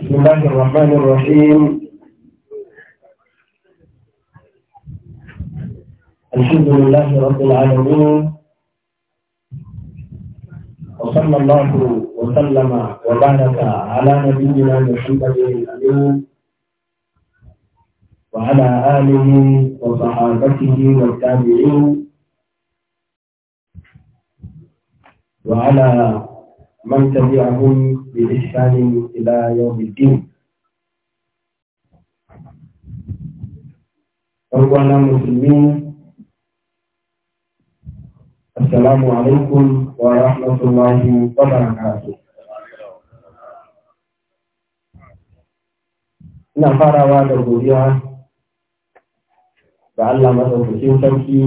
بسم الله الرحمن الرحيم الحمد لله رب العالمين وصلى الله وسلم وبارك على نبينا محمد الامين وعلى اله وصحابته والتابعين وعلى من تبعهم بإحسان إلى يوم الدين أخوانا المسلمين السلام عليكم ورحمة الله وبركاته ina farawa da godiya ga Allah madaukakin sarki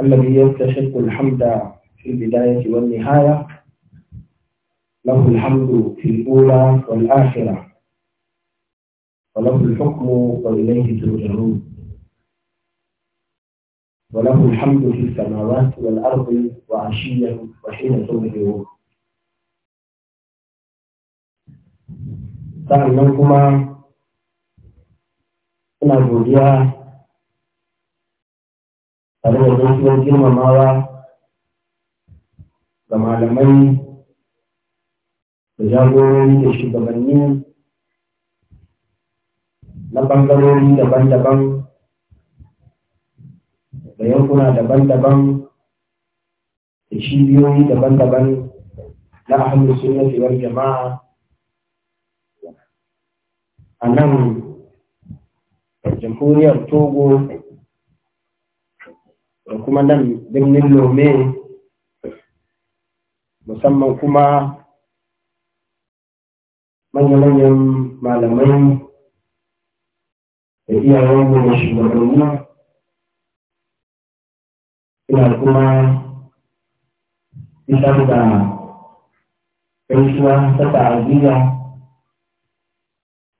Allah ya tashakkul hamda في البداية والنهاية له الحمد في الأولى والآخرة وله الحكم وإليه ترجعون وله الحمد في السماوات والأرض وعشية وحين تظهرون sa'annan kuma ina godiya tare da gaskiyar da malamai da jagorori da shugabanni na ɓangarori daban-daban da yankuna daban-daban da cibiyoyi daban-daban na ahalin sunnati wal jama'a a nan jamhuriyar togo da kuma nan birnin lome musamman kuma manya-manyan malamai da iyayen da shugabanni ina kuma isar da gaisuwa ta ta'aziyya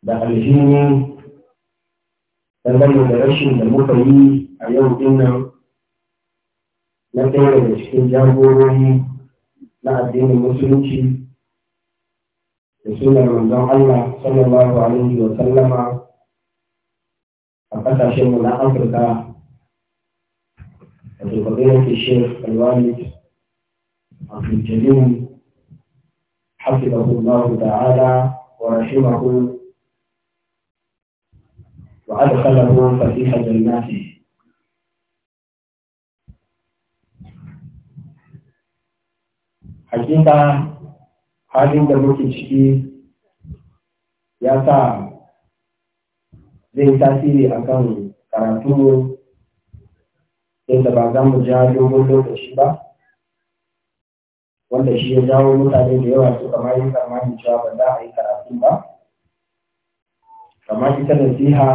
da alhini dangane da rashin da muka yi a yau dinnan na ɗaya daga cikin jagorori na addinin musulunci da sunan manzon Allah sallallahu alaihi wa sallama a kasashenmu na Afirka da shekaru yake Sheikh Alwalid Abdul Jalil حفظه الله hakika halin da muke ciki ya sa zai tasiri akan karatu yadda ba za mu ja dogon lokaci ba wanda shi ya jawo mutane da yawa suka ma yi tsammanin cewa ba za a yi karatu ba kamar ita nasiha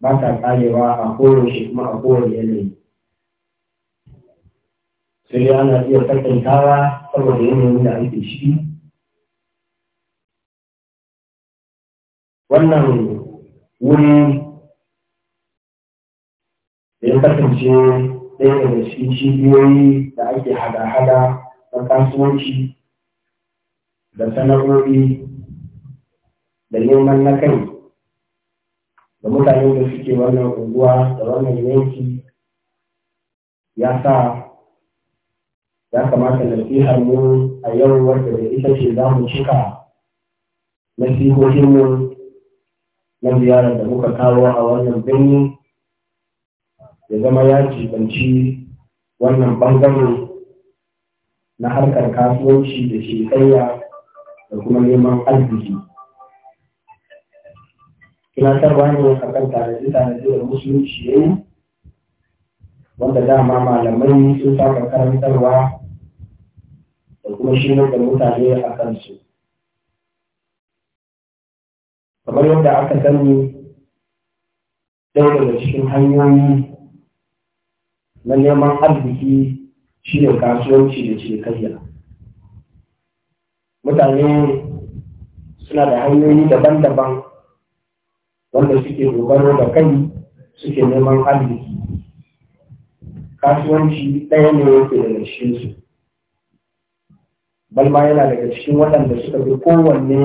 ba ta karewa a kowace kuma a kowane yanayi sai ana iya takantawa saboda yanayin da ake shi wannan wuri da ya kasance ɗaya daga cikin cibiyoyi da ake hada-hada na kasuwanci da sana'o'i da neman na kai da mutane da suke wannan unguwa da wannan yanki ya sa ya kamata nasihar mu a yau wadda da ita ce za mu cika nasihohin mu na ziyarar da muka kawo a wannan birni ya zama ya jibanci wannan bangare na harkar kasuwanci da tsaya da kuma neman arziki. tarwa ne a kan tarihi-tarihi da musulunci ya yi, wanda dama malamai sun saka karantarwa da kuma ne da mutane a kansu kamar yadda aka sani ɗaya daga cikin hanyoyi na neman arziki shi ne kasuwanci da kayya. mutane suna da hanyoyi daban-daban wanda suke dogaro da kai suke neman arziki kasuwanci ɗaya ne yake da cikinsu bal ma yana daga cikin waɗanda suka fi kowanne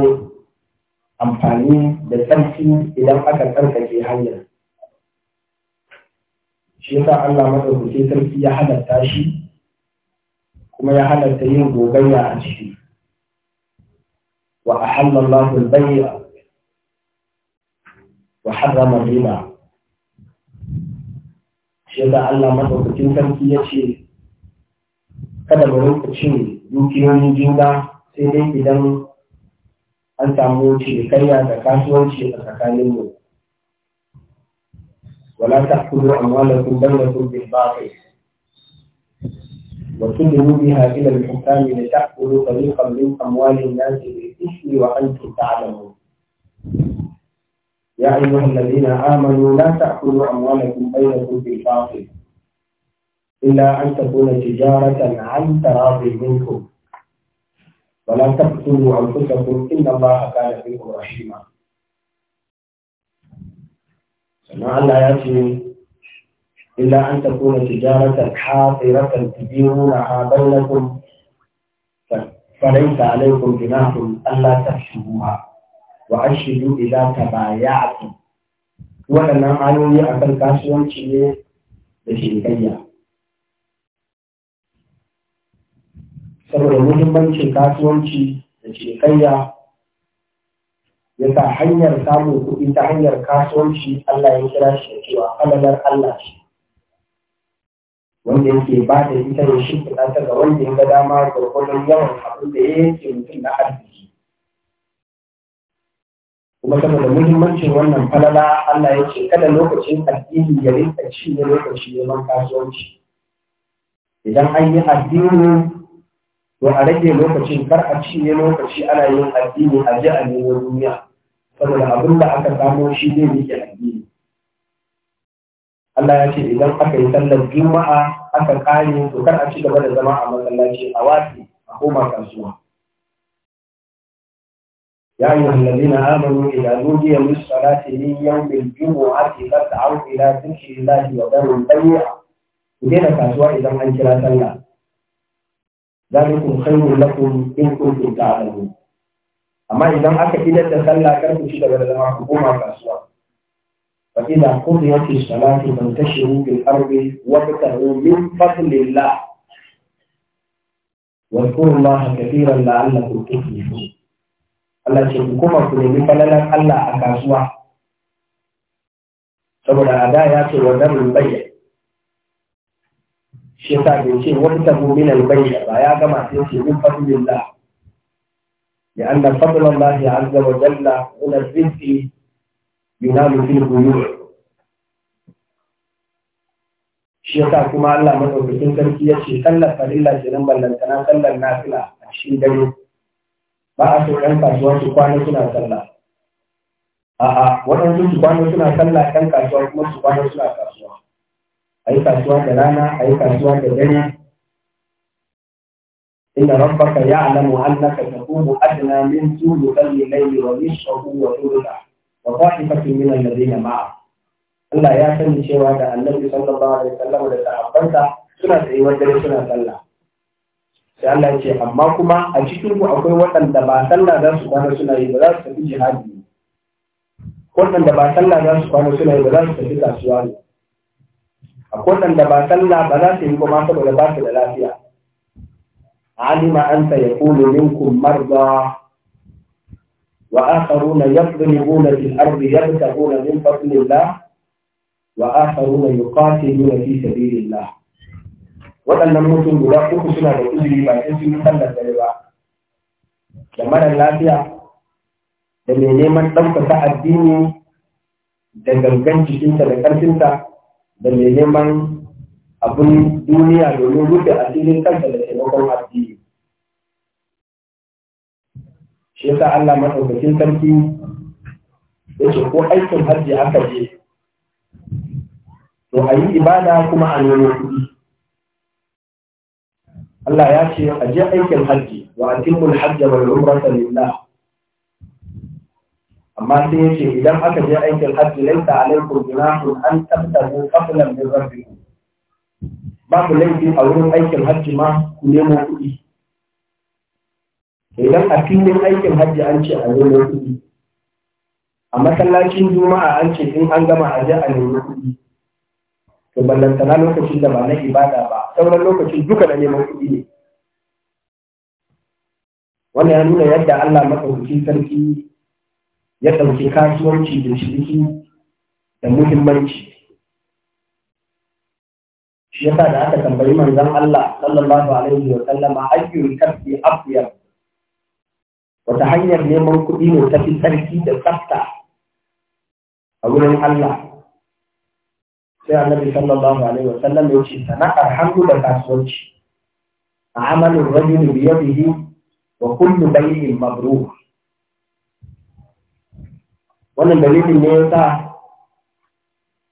amfani da tsarki idan aka tsarkake hanyar shi yasa Allah madaukake sarki ya halatta shi kuma ya halatta yin gogayya a ciki wa a Allahu al-bay'a wa harrama riba shi yasa Allah madaukakin sarki ya ce kada mu rinka cin dukiyoyin juna sai dai idan an samu cinikayya da kasuwanci a tsakaninmu. Wala ta kudu a malakun ban da kudu ba kai. Wasu da nubi hajjilar kuka ne da ta kudu kalli kallon kamwalin ya ce da ishi wa an tuta alamu. Ya ayyuhal ladina na la ta'kulu amwalakum bainakum bil batil إلا أن تكون تجارة عن تراض منكم ولا تقتلوا أنفسكم إن الله كان فيكم رحيما سمعنا يأتي إلا أن تكون تجارة حاضرة تديرونها بينكم فليس عليكم جناح ألا تكسبوها وأشهدوا إذا تبايعتم وأنا أكل كاسوان الكاسوانشي لشركية saboda muhimmancin kasuwanci da cinikayya ya sa hanyar samun kuɗi ta hanyar kasuwanci Allah ya kira shi da cewa falalar Allah ce wanda yake ba da ita ya shi ta ga wanda ya ga dama gwargwadon yawan abin da ya yanke mutum na arziki kuma saboda muhimmancin wannan falala Allah ya ce kada lokacin addini ya rinka ci ne lokacin neman kasuwanci idan an yi addini to a rage lokacin kar a cinye lokaci ana yin addini a ji a nemo duniya saboda abin da aka samo shi zai rike addini Allah ya ce idan aka yi sallar juma'a aka kare to kar a ci gaba da zama a masallaci a wasi a koma kasuwa يا أيها الذين آمنوا إذا نودي للصلاة من يوم الجمعة فاسعوا إلى ذكر الله وذروا البيع. ودينا idan إذا kira Sallah. zalikum khairu lakum in a ta'lamun amma idan aka idar da sallah kar ku ci gaba da zama ku koma kasuwa fa idza qudiyatish salatu fantashiru min واذكروا الله كثيرا لعلكم تفلحون Allah ce ku kuma ku nemi falalar Allah a kasuwa saboda a da ya ce wa darul bayya shi yasa bai ce wata min albayya ba ya gama sai ce min fadlillah ya anna ya azza wa jalla min rizqi yunalu fil buyur shi yasa kuma Allah madaukakin sarki ya ce sallar farilla kenan ballantana sallar nafila a cikin dare ba a so ɗan kasuwa su kwana suna sallah a'a waɗansu su kwana suna sallah ɗan kasuwa kuma su kwana suna kasuwa a yi kasuwa da rana a yi kasuwa da dare inna rabbaka ya'lamu annaka taqumu adna min thuluthi al-layli wa nisfahu wa thuluthahu wa ta'ifatun min alladhina ma'a Allah ya sani cewa da Annabi sallallahu alaihi wasallam da sahabbansa suna tsayuwar dare suna sallah sai Allah ya ce amma kuma a cikin ku akwai waɗanda ba sallah za su kwana suna yi ba za su tafi jihadi waɗanda ba sallah za su kwana suna yi ba za su tafi kasuwa ne akwai da ba sallah ba za su yi kuma saboda ba su da lafiya alima an ta yaqulu minkum marda wa akharuna yadribuna fil ardi yabtaguna min fadlillah wa akharuna yuqatiluna fi sabilillah waɗannan mutum guda uku suna da uzuri ba sai sun sallar dare ba da mara lafiya da mai neman ɗaukaka addini da gangan jikinta da ƙarfinta da mai neman abin duniya domin rufe asirin kanta da taimakon addini. Shi yasa Allah maɗaukakin sarki ya ce ko aikin hajji aka je, to a yi ibada kuma a nemo kuɗi. Allah ya ce a je aikin hajji wa atimul hajja mai umrata lillah amma sai yake idan aka je aikin hajji laisa alaikum junahun an tabtahu qablan da rabbikum ba ku laifi a wurin aikin hajji ma ku nemo kuɗi idan a filin aikin hajji an ce a nemo kuɗi a masallacin juma'a an ce in an gama a je a nemi kuɗi to ballantana lokacin da ba na ibada ba sauran lokacin duka da neman kuɗi ne wannan ya nuna yadda Allah maɗaukakin sarki ya ɗauki kasuwanci da shiriki da muhimmanci shi yasa da aka tambayi manzon Allah sallallahu alaihi wa sallama ayyul kasbi afiyar wata hanyar neman kuɗi ne ta fi tsarki da tsafta a wurin Allah sai annabi sallallahu alaihi wa sallam ya ce sana'ar hannu da kasuwanci a amalin rajuli biyadihi wa kullu bayyin mabrur wannan dalilin ne ya sa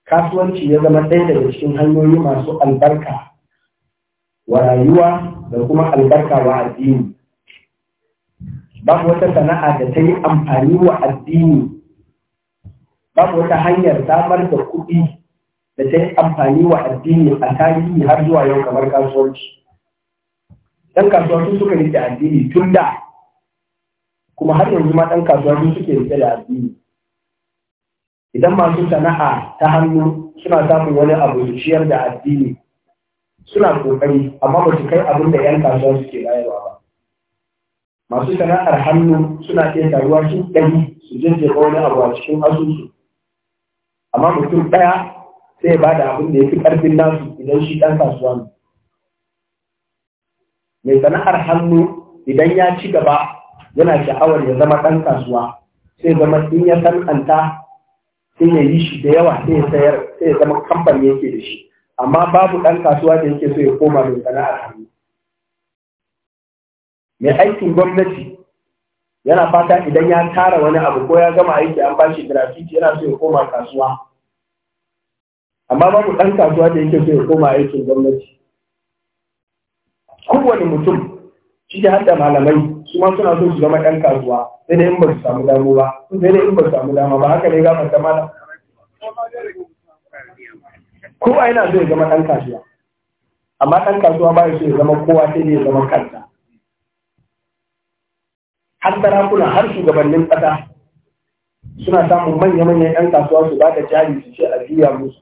kasuwanci ya zama ɗaya daga cikin hanyoyi masu albarka wa rayuwa da kuma albarka wa addini babu wata sana'a da ta yi amfani wa addini babu wata hanyar samar da kuɗi da ta yi amfani wa addini a tarihi har zuwa yau kamar kasuwanci ɗan kasuwa sun suka da addini tun da kuma har yanzu ma ɗan kasuwa sun suke rike da addini idan masu sana'a ta hannu suna samun wani abu ciyar da addini suna kokari amma ba su kai abin da 'yan kasuwa suke bayarwa ba masu sana'ar hannu suna iya taruwa su ɗari su ba wani abu a cikin asusu amma mutum ɗaya sai ba da abin da ya fi ƙarfin nasu idan shi ɗan kasuwa ne mai sana'ar hannu idan ya ci gaba yana sha'awar ya zama ɗan kasuwa sai zama in ya san'anta sai ya yi shi da yawa sai ya sayar sai ya zama kamfani yake da shi amma babu ɗan kasuwa da yake so ya koma mai sana'ar hannu mai aikin gwamnati yana fata idan ya tara wani abu ko ya gama aiki an bashi grafiti yana so ya koma kasuwa amma babu ɗan kasuwa da yake so ya koma aikin gwamnati kowane mutum shi da malamai su ma suna so su zama ɗan kasuwa sai dai in ba su samu damu ba sai dai in ba su samu dama ba haka ne gafar ta mala kowa yana so ya zama ɗan kasuwa amma ɗan kasuwa ba ya so ya zama kowa sai dai ya zama kanta har sarakuna har shugabannin ƙasa suna samun manya-manyan 'yan kasuwa su ba da jari su ce a musu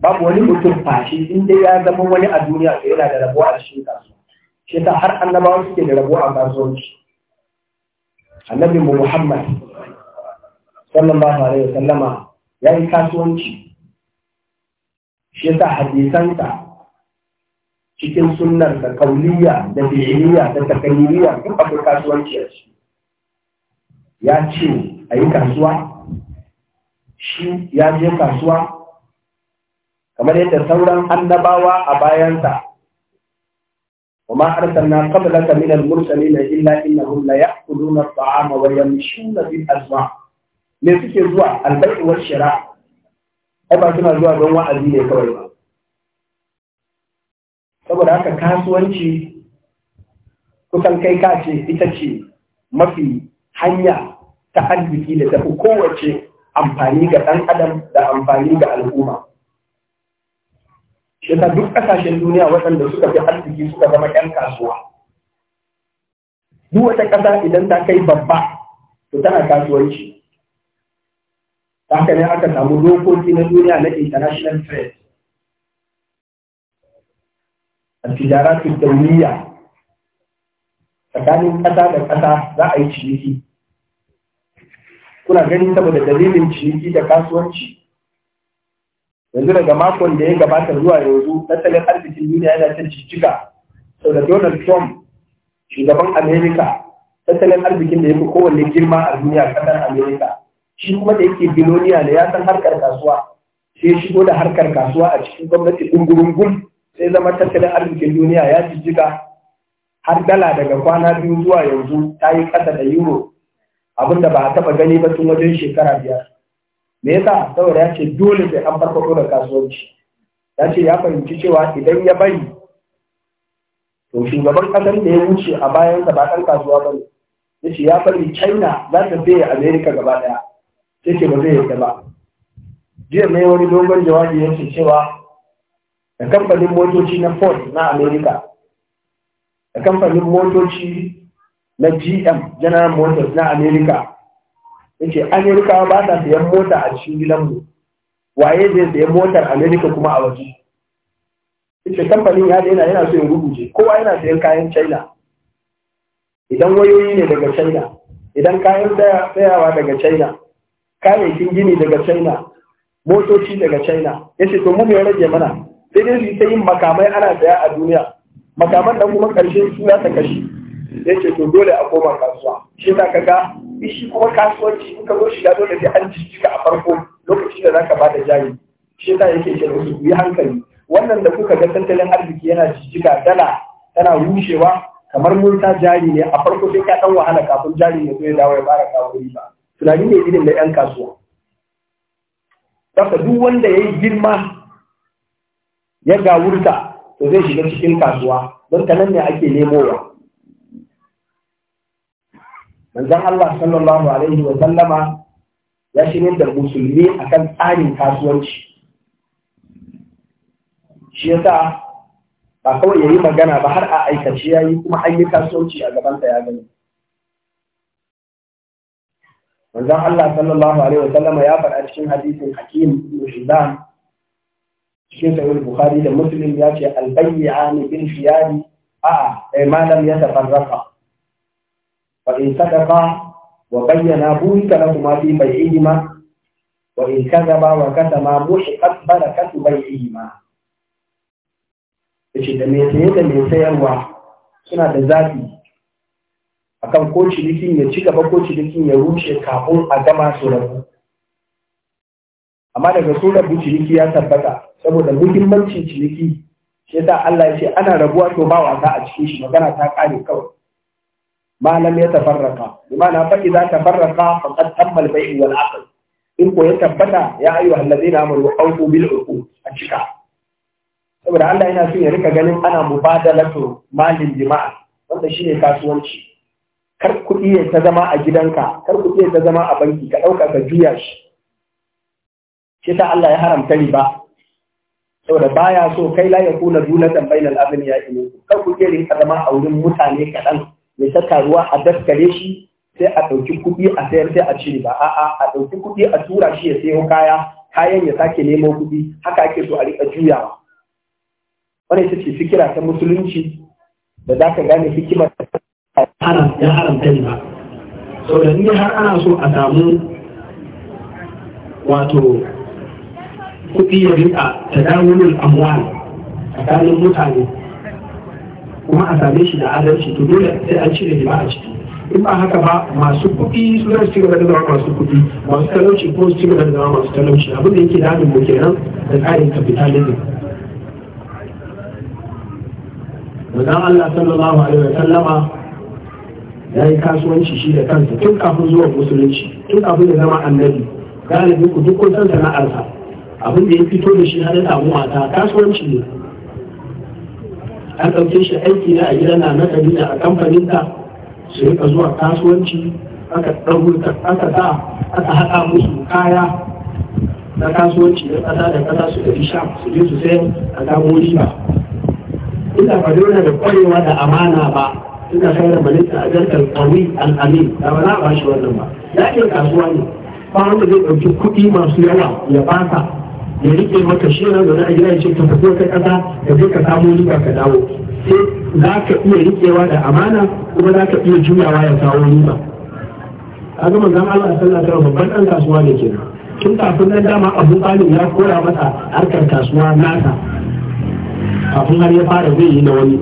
babu wani mutum fashi in dai ya zama wani a duniya to yana da rabuwa a cikin kasuwa shi ta har annabawa suke da rabo a kasuwanci annabi mu Muhammad tare da sallama, ya yi kasuwanci shi ta hadisansa cikin sunnar da kauliya da fi'iliya da takayiliya duk akwai kasuwanci a ciki ya ce a yi kasuwa shi ya je kasuwa kamar yadda sauran annabawa a bayansa وما أرسلنا قبلك من المرسلين إلا إنهم ليأكلون الطعام ويمشون في الأسواق me suke zuwa albaiwar shari'a ai ba suna zuwa don wa'azi ne kawai ba saboda haka kasuwanci kusan kai ka ce ita ce mafi hanya ta arziki da tafi kowace amfani ga ɗan adam da amfani ga al'umma yasa duk ƙasashen duniya waɗanda suka fi arziki suka zama 'yan kasuwa duk wata ƙasa idan ta kai babba to tana kasuwanci haka ne aka samu dokoki na duniya na international trade su الدولية tsakanin ƙasa da ƙasa za a yi ciniki kuna ganin saboda dalilin ciniki da kasuwanci yanzu daga makon da ya gabata zuwa yanzu tattalin arzikin duniya yana ta jijjiga sau da donald trump shugaban Amerika, tattalin arzikin da ya fi kowanne girma a duniya kasar amerika shi kuma da yake biloniya da ya san harkar kasuwa sai shigo da harkar kasuwa a cikin gwamnati ɗungurungun sai zama tattalin arzikin duniya ya jijjiga har dala daga kwana biyu zuwa yanzu ta yi kasa da euro abinda ba a taɓa gani ba tun wajen shekara biyar me yasa saboda ya ce dole sai an farfaɗo da kasuwanci ya ce ya fahimci cewa idan ya bari to shugaban ƙasar da ya wuce a sa ba ɗan kasuwa ba ne ya ce ya bari china za ta fiye america gaba ɗaya sai ce ba zai yadda ba jiya mai wani dogon jawabi ya ce cewa da kamfanin motoci na ford na america da kamfanin motoci na gm general motors na america yace amerikawa ba sa sayan mota a cikin gidanmu waye zai sayi motar amerika kuma a waje yace kamfanin ya daina yana so ya rubuce kowa yana sayan kayan china idan wayoyi ne daga china idan kayan tsayawa daga china kayayyakin gini daga china motoci daga china yace to mu ne rage mana sai dai su ta yin makamai ana saya a duniya makaman da kuma karshe su za ta kashe yace to dole a koma kasuwa shi ta kaga shi kuma kasuwanci in ka zo shiga dole sai an jijjiga a farko lokacin da zaka bada jari shi ta yake ce musu ku yi hankali wannan da kuka ga tattalin arziki yana jijjiga dala tana rushewa kamar mun jari ne a farko sai ka dan wahala kafin jari ne zai dawo ya fara kawo riba tunani ne irin da yan kasuwa saboda duk wanda ya yi girma ya ga wurta to zai shiga cikin kasuwa don ta nan ne ake nemowa manzon Allah sallallahu alaihi wa sallama ya shirin da musulmi akan tsarin kasuwanci shi yasa ba kawai yi magana ba har a aikace yayi kuma an yi kasuwanci a gaban ya gani manzon Allah sallallahu alaihi wa sallama ya faɗa cikin hadisin Hakim ibn Hizam cikin sahih Bukhari da Muslim ya ce al-bay'ani bil khiyari a'a ay ma ya yatafarraqa فإن صدقا وبينا بورك لهما في بيعهما وإن كذبا وكتما محقت بركة بيعهما yace da mai saye da mai sayarwa suna da zafi akan ko cinikin ya ci gaba ko cinikin ya rushe kafin a gama su rabu amma daga sun rabu ciniki ya tabbata saboda muhimmancin ciniki shi yasa Allah ya ce ana rabuwa to ba wasa a cikin shi magana ta kare kawai ma ya yatafarraqa bimana fa idza tafarraqa faqad amma al-bay'u wal 'aqd in ko ya tabbata ya ayyuhal ladina amanu awfu bil 'uqud a cika saboda Allah yana so ya rika ganin ana mubadalatu malin jima'a wanda shine kasuwanci kar kuɗi ya ta zama a gidanka kar kuɗi ya ta zama a banki ka ɗauka ka juya shi shi ta Allah ya haramta riba saboda baya so kai la yakuna dunatan bainal abniya'i kar kuɗi ya zama a wurin mutane kaɗan Mai ta ruwa a daskare shi sai a ɗauki kuɗi a sayar sai a cire ba a'a a ɗauki kuɗi a tura shi ya sayo kaya kayan ya sake nemo kuɗi haka ake so a riƙa juyawa wannan ita ce fikira ta musulunci da za ka gane hikimar haram ya haramta ne ba sau da ni har ana so a samu wato kuɗi ya riƙa ta dawo amwal tsakanin mutane kuma a same shi da adalci to dole sai an cire ba a ciki in ba haka ba masu kuɗi su zai ci gaba da zama masu kuɗi masu talauci ko su ci gaba da zama masu talauci abin da yake damin mu kenan da tsarin capitalism Mazan Allah sallallahu alaihi wa sallama ya yi kasuwanci shi da kansa tun kafin zuwa musulunci tun kafin da zama annabi galibi ku duk kun san sana'arsa abin da ya fito da shi hannun damuwa ta kasuwanci ne an ɗauke shi aiki na a gida na na kabila a kamfaninta su rika zuwa kasuwanci aka aka sa aka haɗa musu kaya na kasuwanci da ƙasa da ƙasa su ɗari sha su je su sayar a samu riba ina ba dole da ƙwarewa da amana ba ina sayar da malinta a jarkar ƙwari al'amin da ba za a ba shi wannan ba ya kasuwa ne ba wanda zai ɗauki kuɗi masu yawa ya ba ya rike maka shi nan zaune a gida ya ce ka tafi kai ƙasa ka je ka samu riba ka dawo sai za ka iya riƙewa da amana kuma za ka iya juyawa ya kawo riba a zama zan Allah sallallahu alaihi babban ɗan kasuwa ne ke tun kafin nan dama Abu Talib ya kora masa harkar kasuwa nasa kafin har ya fara zai yi na wani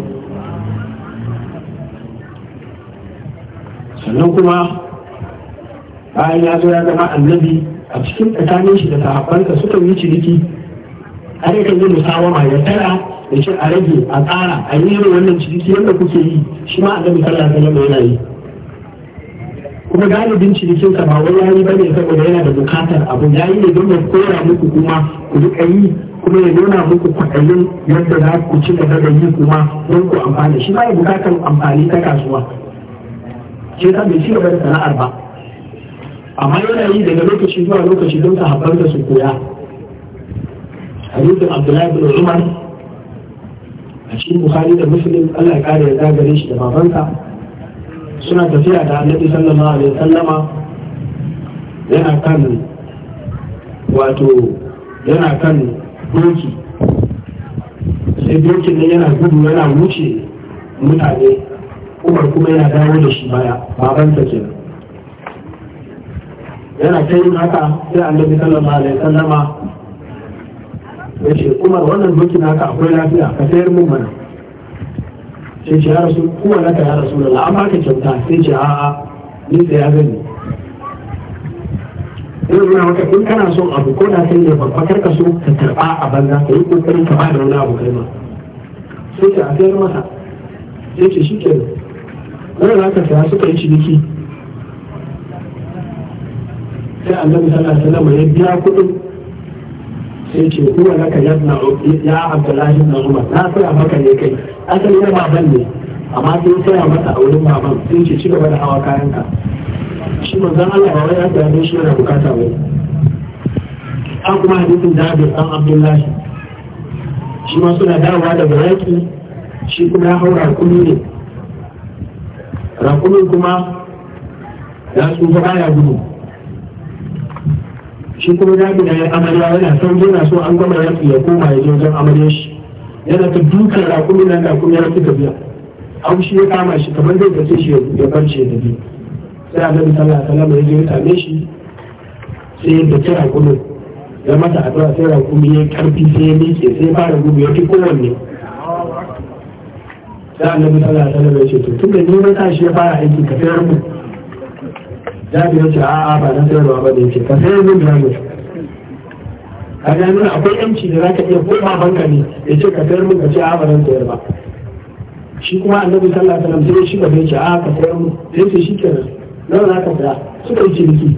sannan kuma bayan ya zo ya zama annabi a cikin tsakanin shi da sahabbansa suka yi ciniki a ne kan yi musawama ya tara da shi a rage a tsara a yi irin wannan ciniki wanda kuke yi shi ma a ga misalar da yana yi kuma galibin cinikinsa ba wai yayi bane saboda yana da bukatar abu yayi ne don ya kora muku kuma ku duka yi kuma ya nuna muku kwaɗayin yadda za ku ci gaba da yi kuma don ku amfani shi ba ya bukatar amfani ta kasuwa shi ta bai ci gaba da sana'ar ba amma yana yi daga lokaci zuwa lokaci don sahabban da su koya hadisin abdullahi bin umar a cikin bukhari da muslim allah ya kare ya gare shi da babansa suna tafiya da annabi sallallahu alaihi sallama yana kan wato yana kan doki sai dokin nan yana gudu yana wuce mutane umar kuma yana dawo da shi baya babansa kenan yana ta yin haka sai annabi sallallahu alaihi sallama ya ce umar wannan dokin haka akwai lafiya ka sayar min mana sai ce ya rasu kuma naka ya rasu da an baka kyauta sai ce a'a ni sai ya gani Ina nuna maka in kana son abu ko da sai ne babba kar ka so ka karba a banza ka yi kokarin ka bada wani abu kai ma sai ce a sayar masa sai ce shi kenan wannan haka sai suka yi ciniki sai annabi sallallahu alaihi wasallam ya biya kuɗin sai ce huwa ya yabna ya abdullahi na umar na saya maka ne kai asali na baban ne amma sai saya masa a wurin baban sai ce ci gaba da hawa kayanka shi manzon Allah ba wai ya saya shi yana bukata ba an kuma hadisin Jabir san Abdullahi shi ma suna dawowa da yaki shi kuma ya haura rakumi ne rakumin kuma ya tsufa baya gudu shi kuma ya na ya amarya yana son na so an gama yaƙi ya koma ya je wajen amarya shi yana ta dukan raƙumi nan raƙumi ya rafi tafiya abu shi ya kama shi kamar zai kace shi ya barce da bi sai a sallallahu alaihi wasallam ya je ya same shi sai ya dace rakumi ya masa addu'a sai raƙumi ya karfi sai ya miƙe sai ya fara gudu ya fi kowanne sai a sallallahu alaihi wasallam ya ce to tunda ni na shi ya fara aiki ka fi mu jami'a ce a'a ba na sayarwa ba da yake ka sayar min jami'a a ga nuna akwai yanci da za ka iya koma banka ne ya ce ka sayar min ka ce a'a ba na sayar ba shi kuma annabi sallallahu alaihi wasallam sai shi gaba ya ce a'a ka sayar min sai ce shi kenan nawa za ka saya suka yi ciniki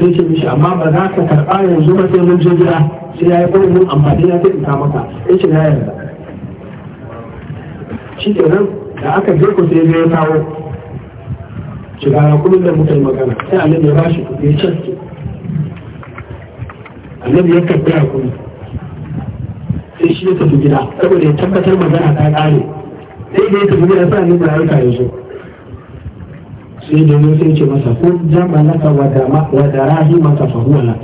sai ce mishi amma ba za ka karɓa yanzu ba sai mun je gida sai ya yi kwanin amfani na sai in ka maka ya ce na yarda shi kenan da aka je ku sai ya kawo shi gara kullum da muka magana sai annabi ya bashi kuɗi ya caske annabi ya karɓi hakuri sai shi ya tafi gida saboda ya tabbatar magana ta ƙare sai da ya tafi gida sai annabi ya aika yanzu zo sai da ya sai ce masa ko jama laka wa darahi maka fahuwa laka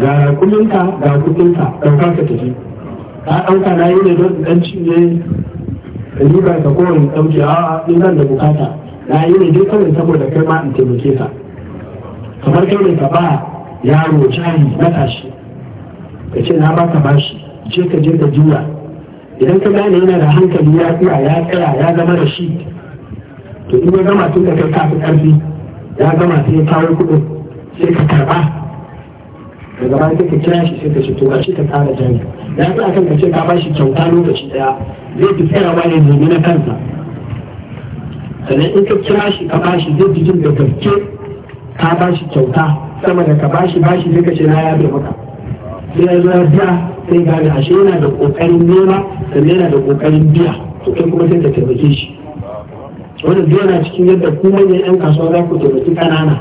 ga kuɗinka ga kuɗinka ɗauka ka tafi ka ɗauka na yi ne don ɗan cinye riba ka kowane ɗauke a ɗin da bukata na yi ne dai kawai saboda kai ma in taimake sa kamar kai ne ka ba yaro jari matashi ka ce na baka bashi je ka je ka jiya idan ka gane yana da hankali ya tsaya ya tsaya ya zama da shi to in ya gama tun da kai kafin karfi ya gama sai ya kawo kuɗin sai ka karɓa daga baya sai ka kira shi sai ka ce to ga ka tsara jari ya tsaya kan ka ce ka bashi kyauta lokaci ɗaya zai fi tsara wani ne na kansa sannan in ka kira shi ka bashi zai ji jin da gaske ka bashi kyauta sama da ka bashi bashi zai kace ce na yabe maka sai ya zo biya sai gane ashe yana da kokarin nema sannan yana da kokarin biya to kai kuma sai ka taimake shi wannan duk yana cikin yadda ku manyan yan kasuwa za ku taimaki ƙanana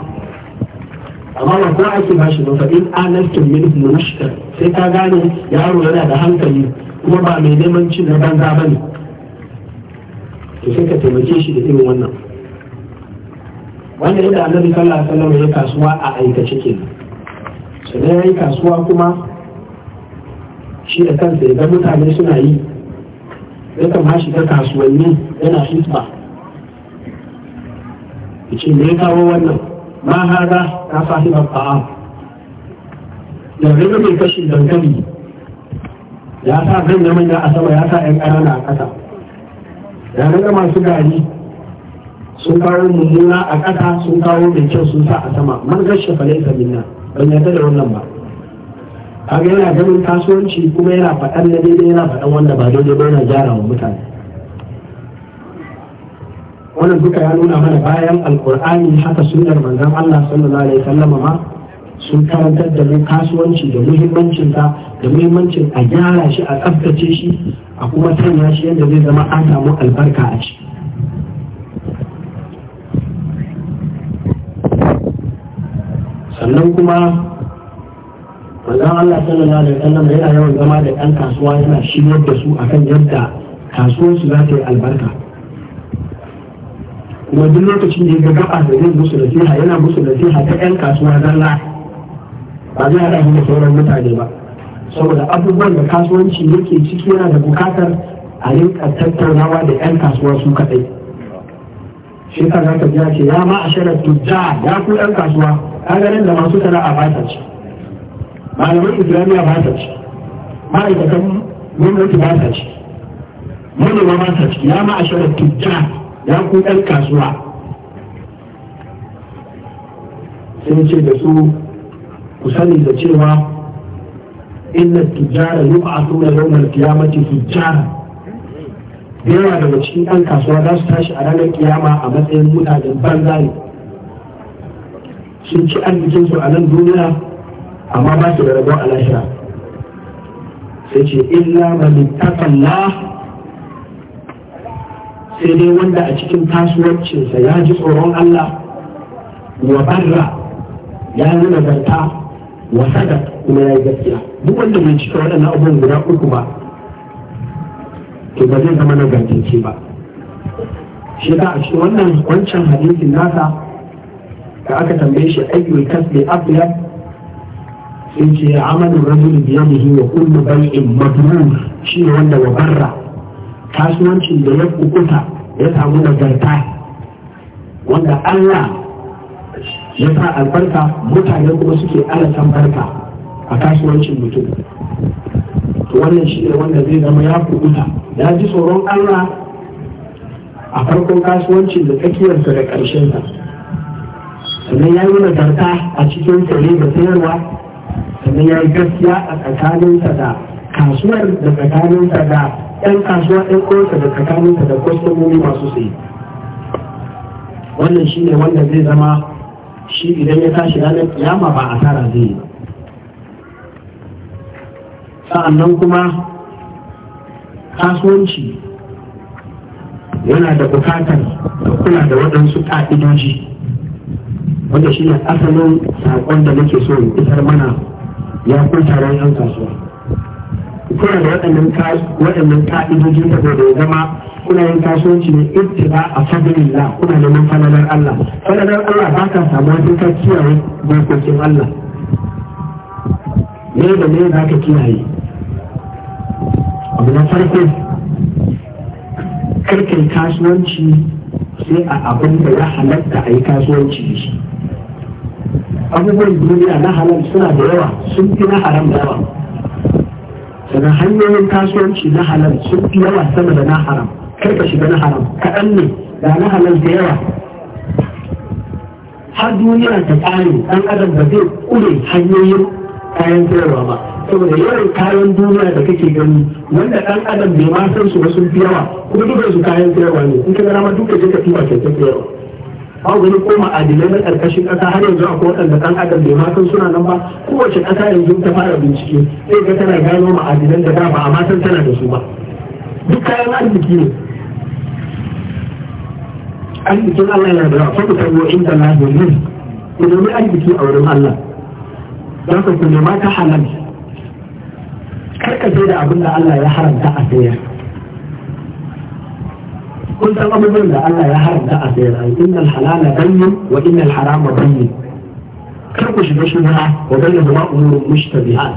amma ba ko ake bashi ba fa in anastum min mushkar sai ka gane yaro yana da hankali kuma ba mai neman cin na banza bane to sai ka taimake shi da irin wannan wanda inda annabi sallallahu alaihi wasallam ya kasuwa a aikace ke sannan ya yi kasuwa kuma shi da kansa idan mutane suna yi ya kama shi ta kasuwanni yana hisba ce ne kawo wannan ma hada ta sahibar ta'am yanzu mai kashin dankali ya sa zan manya a sama ya sa 'yan ƙanana a ƙasa da masu gari sun kawo mummuna a ƙasa sun kawo mai kyau sun sa a sama man gashe falaisa minna ban yarda da wannan ba kaga yana ganin kasuwanci kuma yana faɗan na daidai yana faɗan wanda ba daidai ba yana gyara wa mutane wannan duka ya nuna mana bayan alkur'ani haka sunnar manzon Allah sallallahu alaihi wasallam ma sun karantar da mu kasuwanci da muhimmancin ta da muhimmancin a gyara shi a tsaftace shi a kuma sanya shi yadda zai zama an samu albarka a ciki sannan kuma manzon Allah sallallahu alaihi wasallam yana yawan zama da ɗan kasuwa yana shigar da su akan yadda kasuwarsu za ta yi albarka kuma duk lokacin da ya ga gaba da zai musu nasiha yana musu nasiha ta 'yan kasuwa zalla ba zai haɗa da sauran mutane ba saboda abubuwan da kasuwanci yake ciki yana da bukatar a rinka tattaunawa da 'yan kasuwa su kaɗai shi ka zaka biya ce ya ma a shirar tujja ya ku 'yan kasuwa nan da masu sana'a ba ta ci malaman islamiyya ba ta ci ma'aikatan gwamnati ba ta ci manoma ba ta ci ya ma a shirar tujja ya ku 'yan kasuwa sai ce da su ku sani da cewa inna la yawm al qiyamati fujjara da yawa daga cikin ɗan kasuwa za su tashi a ranar kiyama a matsayin mutanen banza ne sun ci arzikin su a nan duniya amma ba su da rabo a lahira sai ce illa man ittaqalla sai dai wanda a cikin kasuwancinsa ya ji tsoron Allah wa barra ya nuna zarta wasada kuma ya yi gaskiya duk wanda bai cika waɗannan abubuwan guda uku ba to ba zai zama na gantance ba shi ka a cikin wannan wancan hadisin nasa da aka tambaye shi aiki kas kasbi afiya sai ce ya amalin rajul da wa kullu bai'in mabrur shi ne wanda wa barra kasuwancin da ya kukuta ya samu nagarta wanda Allah ya sa albarka mutane kuma suke alasan barka a kasuwancin mutum wannan shi ne wanda zai zama ya kuɗuta ya ji tsoron allah a farkon kasuwancin da tsakiyarsa da ƙarshensa sannan ya yi nagarta a cikin tsare da sayarwa sannan ya yi gaskiya a tsakaninsa da kasuwar da tsakaninsa da 'yan kasuwa ɗan kowarsa da tsakaninsa da kwastomomi masu sayi wannan shi ne wanda zai zama shi idan ya tashi ranar kiyama ba a tara zai yi ba sa'annan kuma kasuwanci yana da bukatar da kula da waɗansu ƙa'idoji wanda shi ne asalin saƙon da nake so in isar mana ya kun ran yan kasuwa kuna da waɗannan ƙa'idojin da ya zama kuna yin kasuwanci ne ba a fadlillah kuna neman falalar Allah falalar Allah ba ta samu sai ka kiyaye dokokin Allah ne da ne za ka kiyaye abu na farko karkar kasuwanci sai a abin da ya halatta a yi kasuwanci shi abubuwan duniya na halal suna da yawa sun fi na haram da yawa sannan hanyoyin kasuwanci na halal sun fi yawa sama da na haram karka shiga na haram kaɗan ne da na halal da yawa har duniya ta tsare ɗan adam ba zai ƙure hanyoyin kayan sayarwa ba saboda yawan kayan duniya da kake gani wanda ɗan adam bai ma san su ba sun fi yawa kuma dukkan su kayan sayarwa ne in ka gara ma duka je ka tuba ke ta sayarwa ba gani ko ma'adilai na ƙarƙashin ƙasa har yanzu akwai waɗanda ɗan adam bai ma suna nan ba kowace ƙasa yanzu ta fara bincike sai ga tana gano ma'adinan da da ba a ma tana da su ba duk kayan arziki ne arzikin Allah yana da rafa ku tabo inda Allah ya yi ku nemi arziki a wurin Allah don ka ku nema ta halal karka sai da abin da Allah ya haramta a sayar kun san abubuwan da Allah ya haramta a sayar ai innal halala bayyin wa innal harama bayyin kar ku shiga shubha wa bayyana ma umurun mushtabihat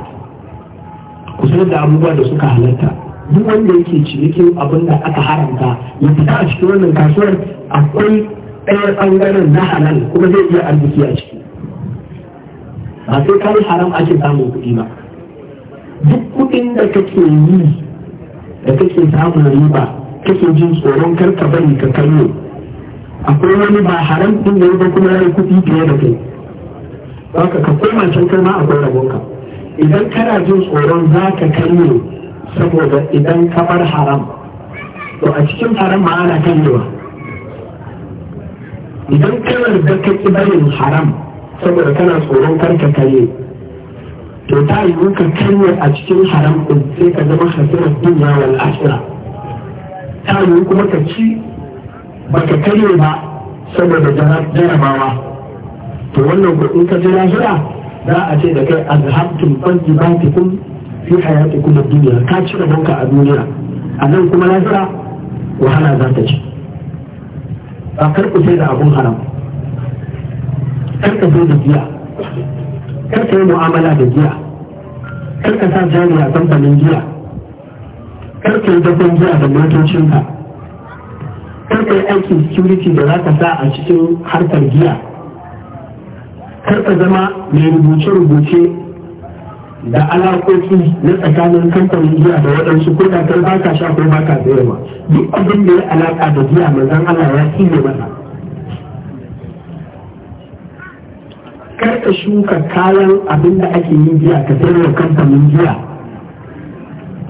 ku sanar da abubuwa da suka halatta duk wanda yake cinikin abin da aka haramta ya fita a cikin wannan kasuwar akwai ɗaya ɓangaren na halal kuma zai iya arziki a ciki ba sai kai haram ake samun kuɗi ba duk kuɗin da kake yi da kake samun riba kake jin tsoron kar ka bari ka kallo akwai wani ba haram ɗin da ba kuma ya kuɗi fiye da kai ba ka koma can kai ma akwai rabonka idan kana jin tsoron za ka kallo saboda idan ka bar haram to a cikin haram ma ana kallewa idan kana da ka ki barin haram saboda kana tsoron karka kare to ta yi ka kallewa a cikin haram ɗin sai ka zama hasirar dunya wal akhirah ta yi kuma ka ci baka kare ba saboda jarabawa to wannan in ka jira jira za a ce da kai azhabtum tayyibatikum fi hayati kuma duniya ka ci banka a duniya a nan kuma lahira wahala za ta ci ba karku sai da abun haram karka zo da giya karka yi mu'amala da giya karka sa jari a kamfanin giya karka yi dakon giya da motocinka karka yi aikin security da za ka sa a cikin harkar giya karka zama mai rubuce-rubuce da alaƙoƙi na tsakanin kamfanin giya da waɗansu ko da kan baka sha ko baka sayarwa duk abin da ya alaƙa da giya manzon Allah ya tsine masa kar ka shuka kayan abin da ake yin giya ka sayarwa kamfanin giya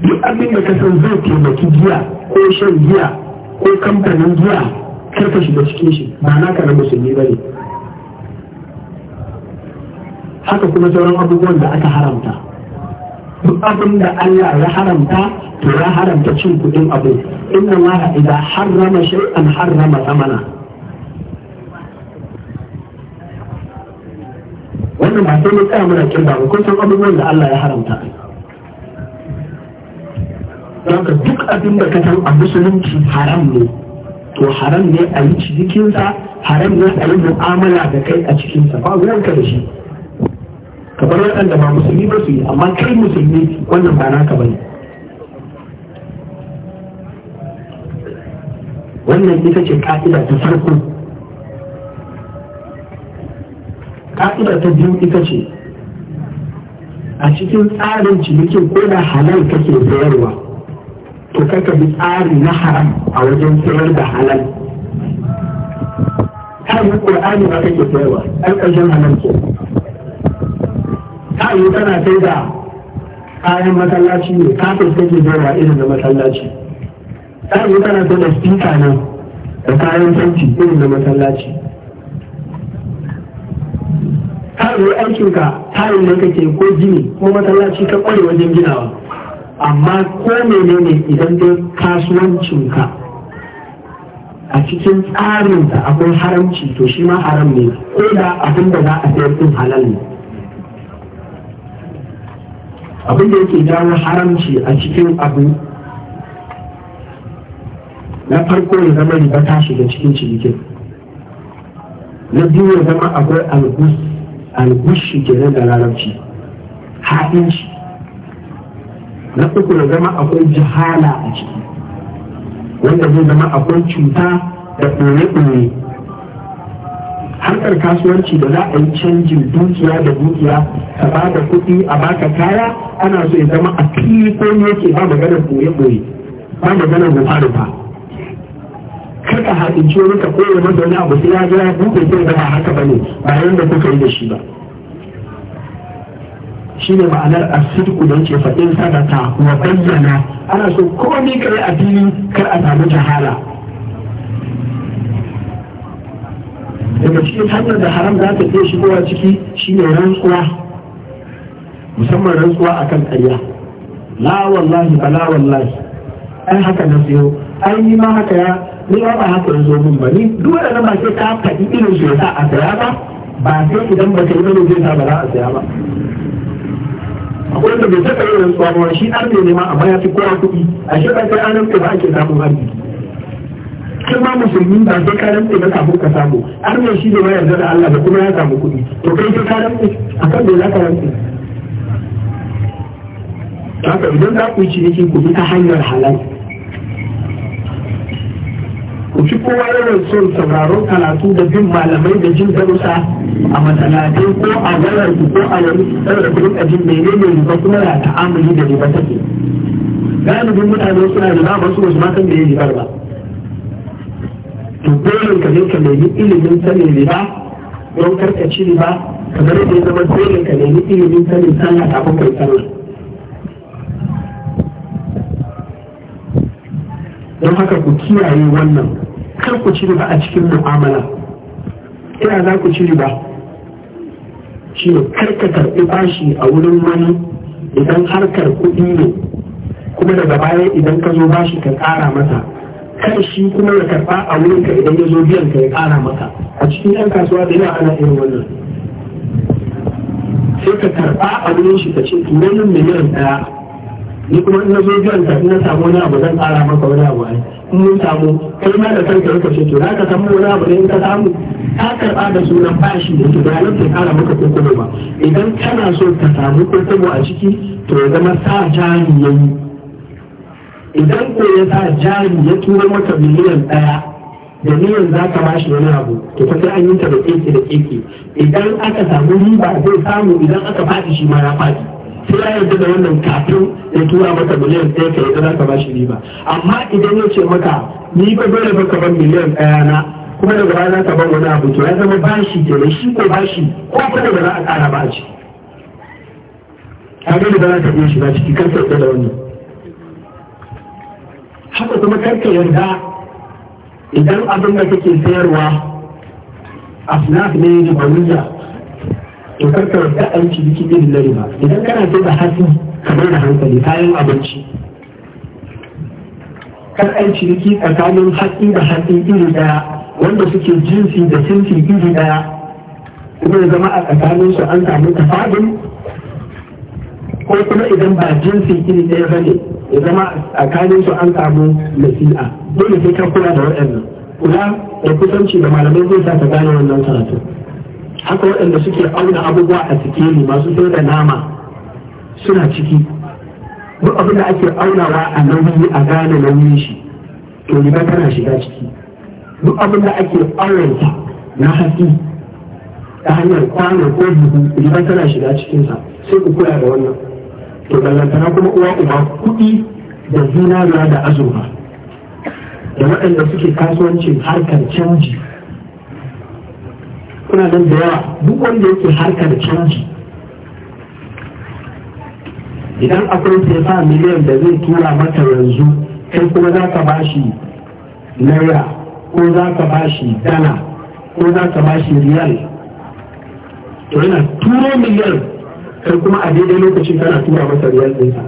duk abin da ka san zai taimaki giya ko shan giya ko kamfanin giya kar ka shiga cikin shi ba na ka na musulmi ba ne haka kuma sauran abubuwan da aka haramta duk abin da Allah ya haramta to ya haramta cin kuɗin abu inna Allah idza harrama shay'an harrama zamana wannan ba sai mun mana muna kirga ba kun san abubuwan da Allah ya haramta ka duk abin da ka san a musulunci haram ne to haram ne a yi cikinsa haram ne a yi mu'amala da kai a cikinsa ba ruwanka da shi kamar waɗanda ba musulmi ba su yi amma kai musulmi wannan ba naka ba ne wannan ita ce ka'ida ta farko ka'ida ta biyu ita ce a cikin tsarin cinikin ko da halal kake sayarwa to kaka bi tsari na haram a wajen sayar da halal kan qur'ani ba kake sayarwa ƙarƙashin halal ke ra'ayi yi tana sai da kayan masallaci ne kafin take zuwa irin da masallaci ra'ayi yi tana sai da spika nan da kayan sauti irin da masallaci Ka yi aikinka tayin da kake ko gini ko masallaci ka kware wajen ginawa amma ko menene idan dai kasuwancinka a cikin tsarinsa akwai haramci to shi ma haram ne ko da abin da za a sayar din halal ne abin da yake jawo haramci a cikin abu na farko ya zama riba ta shiga cikin cinikin na biyu ya zama akwai algushi kenan da larabci haɗinci na uku ya zama akwai jihala a ciki wanda zai zama akwai cuta da ɗore-ɗore harkar kasuwanci da za a yi canjin dukiya da dukiya ka ba da kuɗi a baka kaya ana so ya zama a fili ko yake ba maganar boye-boye ba maganar rufa-rufa kar ka haɗince wani ka koya masa wani abu sai ya ga ya buɗe sai ba haka ba ne ba yanda kuka yi da shi ba shi ne ma'anar asirku don ce faɗin sadaka wa bayyana ana so komai kare a fili kar a samu jahala daga cikin hanyar da haram za ta iya shigowa ciki shi shine rantsuwa musamman rantsuwa akan ƙarya la wallahi ba la wallahi ai haka na siyo ai ni ma haka ya ni ba haka ya zo min ba ni dole na ba sai ka faɗi irin su yasa a saya ba ba sai idan ba kai mana zai sa ba za a saya ba akwai da bai saka irin rantsuwa ba shi an ne ma amma ya fi kowa kuɗi a shi ba sai an rantsa ba ake samun arziki kai ma musulmi ba sai ka rantse ba kafin ka samu arna shi ne ma yarda da Allah da kuma ya samu kuɗi to kai ka rantse akan me za ka rantse haka idan za ku yi ciniki ku bi ta hanyar halal ku ci kowa yawan son sauraron karatu da bin malamai da jin darusa a masalatai ko a wayar ku ko a wani tsara da kudin ajin menene riba kuma da ta'amuli da ba take galibin mutane suna da ba su wasu matan da ya ribar ba to dole ka je ka nemi ilimin sanin riba don karkaci riba kamar da ya zama dole ka nemi ilimin sanin sallah kafin kai sallah don haka ku kiyaye wannan kar ku ci riba a cikin mu'amala ina za ku ci riba shi ne kar ka karɓi bashi a wurin wani idan harkar kuɗi ne kuma daga baya idan ka zo bashi ka ƙara masa kada shi kuma ya karɓa a wurin ka idan ya zo biyan ka ya ƙara maka a cikin yan kasuwa da yawa ana irin wannan sai ka karɓa a wurin shi ka ce wannan miliyan ɗaya ni kuma ina zo biyan ka ina samu wani abu zan ƙara maka wani abu ai in mun samu kai ma da kanka ka ce to za ka samu wani abu ne in ka samu ka karɓa da sunan bashi da ke bayanan ta kara maka kokobo ba idan kana so ka samu kokobo a ciki to ya zama sa jari yayi idan ko ya sa jari ya tura maka miliyan ɗaya da miliyan za ka ba shi wani abu to fa sai an yi ta da keke da keke idan aka samu riba zai samu idan aka faɗi shi ma ya faɗi sai ya yarda da wannan kafin ya tura maka miliyan ɗaya ka yarda za ka shi riba amma idan ya ce maka ni ba dole ba ka ban miliyan ɗaya na kuma daga baya za ka ban wani abu to ya zama bashi ke shi ko bashi ko kuma ba za a ƙara ba a ciki. gani ba za ka iya shiga ciki kan sauƙa da wannan. haka kuma karka yarda idan abin da kake sayarwa a snap ne da baruja to karka yarda an ci biki irin na riba idan kana sai da hatsi kamar da hankali kayan abinci kar an ci biki tsakanin hatsi da hatsi iri daya wanda suke jinsi da sinsi iri daya kuma zama a tsakanin su an samu tafadin ko kuma idan ba jinsi iri daya ba ne ya zama a kanin su an samu nasi'a dole sai ka kula da waɗannan kula da kusanci da malamai zai sa ka gane wannan karatu haka waɗanda suke auna abubuwa a sikeli masu sai da nama suna ciki duk abin da ake aunawa a nauyi a gane nauyin shi to riba tana shiga ciki duk abin da ake aurenta na hatsi ta hanyar kwano ko buhu riba tana shiga cikinsa sai ku kula da wannan to dangantana kuma uwa uba kuɗi da zinariya da azurfa da waɗanda suke kasuwancin harkar canji kuna nan da yawa duk wanda yake harkar canji idan akwai tefa miliyan da zai tura mata yanzu kai kuma za ka bashi naira ko za ka bashi dana ko za ka bashi riyal to yana turo miliyan sai kuma a daidai lokacin kana tura masa riyal ɗinsa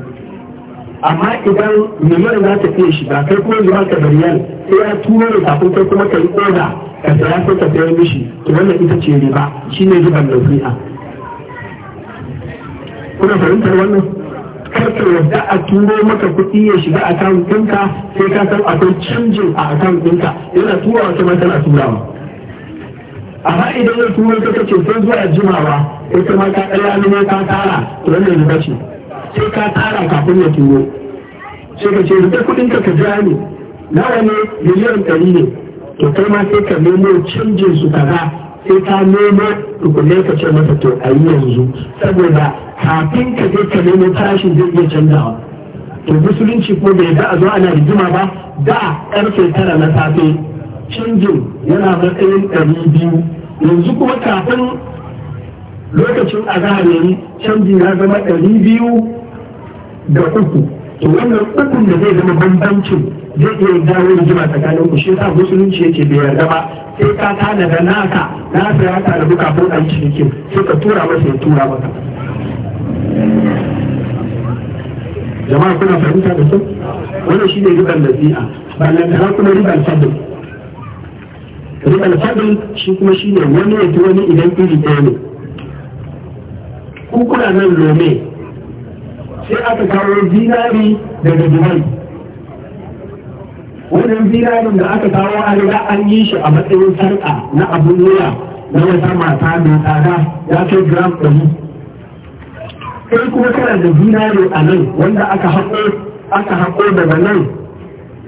amma idan miliyan za ta fiye shi ba kai kuma zuwa ka riyal sai ya turo da kafin kai kuma ka yi koda ka saya sai ka sayar mishi to wannan ita ce riba shine riban nasi'a kuna fahimtar wannan karfe wadda a turo maka kuɗi ya shiga akawun ɗinka sai ka san akwai canjin a akawun ɗinka yana turawa kuma tana turawa amma idan ya kuma ta kace sai zuwa jimawa ko kuma ka ɗaya ne ka tara to wannan ne bace sai ka tara kafin ya turo sai ka ce da kuɗin ka ka jira ne nawa ne miliyan ɗari ne to kai ma sai ka nemo canjin su kaza sai ka nemo tukunne ka ce masa to a yi yanzu saboda kafin ka je ka nemo farashin zai iya canzawa to musulunci ko bai da a zo ana rigima ba da karfe tara na safe canjin yana matsayin ɗari biyu yanzu kuma kafin lokacin a yayi canji ya zama ɗari biyu da uku to wannan ukun da zai zama bambancin zai iya jawo rigima tsakanin ku shi sa musulunci yake bai yarda ba sai ka tana da naka naka ya tana da kafin a yi sai ka tura masa ya tura maka jama'a kuna fahimta da su wannan shi ne ribar nasi'a ba lantana kuma ribar sabbin rikal fadl shi kuma shi ne wani ya ji wani idan iri ɗaya ne kukuna nan lome sai aka kawo zinari daga dubai wannan zinarin da aka kawo a riga an yi shi a matsayin sarƙa na abun wuya na wata mata mai tsada ya kai gram ɗari sai kuma kana da zinari a nan wanda aka haƙo daga nan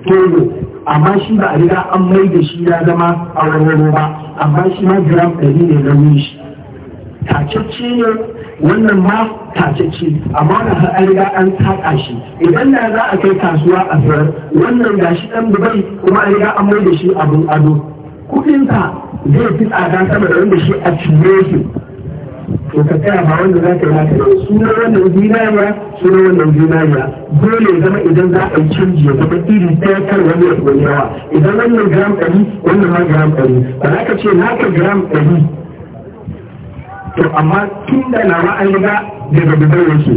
togo amma shi ba a riga an mai da shi ya zama a wani ba amma shi ma gram ɗari ne nauyin shi tacecce ne wannan ma tacecce amma da har an riga an saƙa shi idan na za a kai kasuwa a sayar wannan ga shi ɗan dubai kuma a riga an mai da shi abin ado kuɗinsa zai fi tsada sama da wanda shi a cinye shi to ka tsaya ba wanda za ka yi lafiya sunan wannan zinariya sunan wannan zinariya dole zama idan za a yi canji ya zama iri ɗaya kar wani ya yawa idan wannan gram ɗari wannan ma gram ɗari ba za ka ce naka gram ɗari to amma tun da na ma'an riga daga bidon yake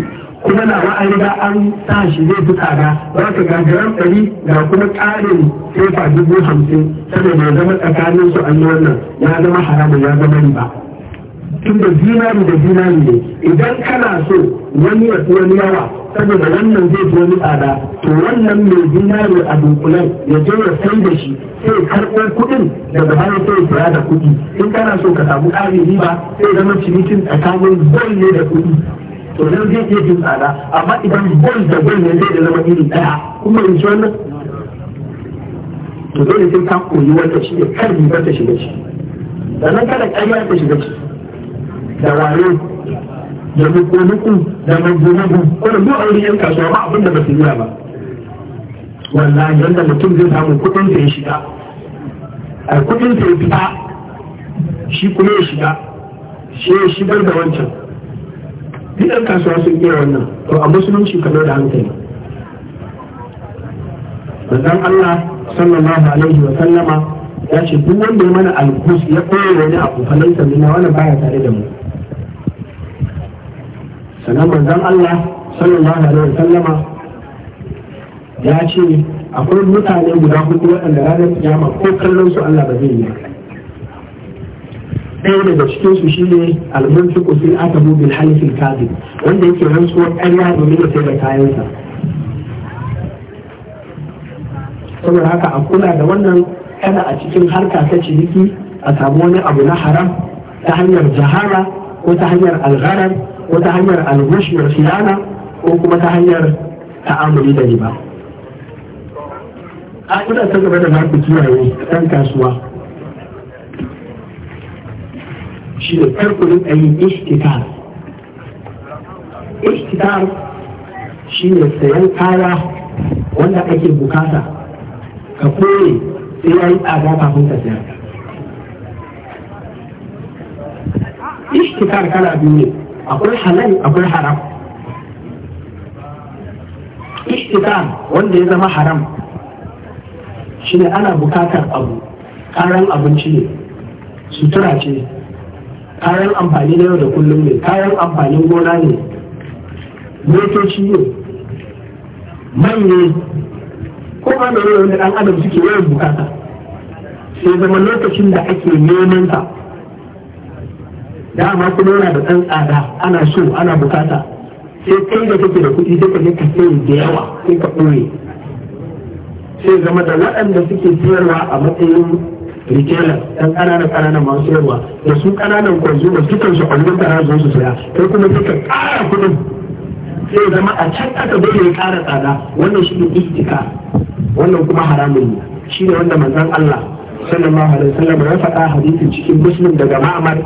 kuma na ma'an riga an sa shi zai fi tsada za ka ga gram ɗari ga kuma ƙarin sefa dubu hamsin saboda ya zama tsakanin su an yi wannan ya zama haramun ya zama riba. tun da zinari da zinari ne idan kana so wani ya tuwa yawa saboda wannan zai zo ni tsada to wannan mai zinari a dunkulen ya je ya sai da shi sai karɓar kuɗin daga bayan sai ya da kuɗi in kana so ka samu ƙarin riba sai zama cinikin tsakanin gol ne da kuɗi to nan zai iya jin tsada amma idan gol da gol ne zai zama iri ɗaya kuma in ci wannan to dole sai ka koyi wata shi ne wata shi ta shiga ciki sannan kada ƙarya ta shiga ciki da wayo da nuku da manzunubu wanda ba aure yan kasuwa ba abinda ba su yi ba wallahi yanda mutum zai samu kudin da ya shiga a kudin da ya fita shi kuma ya shiga shi ya shigar da wancan duk yan kasuwa sun iya wannan to a musulunci kamar da hankali manzon Allah sallallahu alaihi wa sallama ya ce duk wanda ya mana alkus ya koya wani abu falansa mina wannan baya tare da mu sannan manzon Allah sallallahu alaihi wasallama ya ce akwai mutane guda hudu waɗanda ranar kiyama ko kallon su Allah ba zai yi ɗaya daga cikin su shine al-munfiqu fil atabu bil halifil kadhib wanda yake rantsuwar ƙarya domin ya sayar da kayansa saboda haka a kula da wannan kana a cikin harka ta ciniki a samu wani abu na haram ta hanyar jahara ko ta hanyar algharar ko ta hanyar alhush na filana ko kuma ta hanyar ta'amuli da ba? a ina ta gaba da marku kiyaye ɗan kasuwa shi ne karkulin ɗayin ishtitar ishtitar shi ne sayan kaya wanda ake bukata ka kore sai ya yi tsada kafin ka sayar ishtitar kana biyu ne akwai halal akwai haram ishtitan wanda ya zama haram shi ne ana bukatar abu karan abinci ne sutura ce kayan amfani na yau da kullum ne kayan amfanin gona ne motoci ne ne ko ba da wani dan adam suke yawan bukata sai zama lokacin da ake neman sa dama kuma yana da ɗan tsada ana so ana bukata sai kai da kake da kuɗi sai ka je ka sayi da yawa sai ka ɓoye sai zama da waɗanda suke siyarwa a matsayin retailer ɗan ƙananan ƙananan masu siyarwa da su ƙananan kwanzu da su kansu ƙwallon tara zo su saya sai kuma suka ƙara kuɗin sai zama a can aka bai ya ƙara tsada wannan shi ne istika wannan kuma haramun ne shi ne wanda manzan Allah sallallahu alaihi wasallam ya faɗa hadisin cikin muslim daga Ma'mar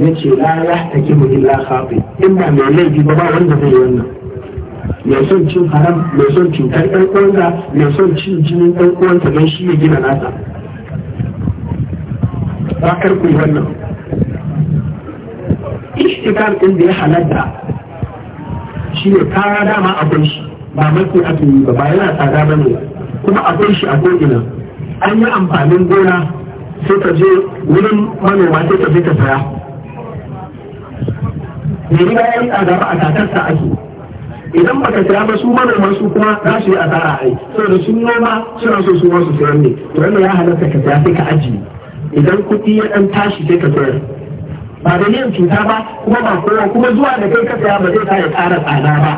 yace ce la ya take mu illa khafi in ba mai laifi ba ba wanda zai wannan mai son cin haram mai son cutar ɗan uwanka mai son cin jinin ɗan uwanka don shi ya gina nasa ba kar ku wannan ishtikar ɗin da ya halatta shi ne kara dama akwai shi ba mafi ake yi ba ba yana tsada ba ne kuma akwai shi a ko'ina an yi amfanin gona sai ka je wurin manoma sai ka je ka saya da ba ya yi tsada ba a takarsa ake idan baka saya ba su manoman su kuma za su yi asara ai saboda sun noma suna so su masu sayar ne to wannan ya halatta ka saya sai ka ajiye idan kuɗi ya ɗan tashi sai ka sayar ba da yin cuta ba kuma ba kowa kuma zuwa da kai ka saya ba zai sa ya ƙara tsada ba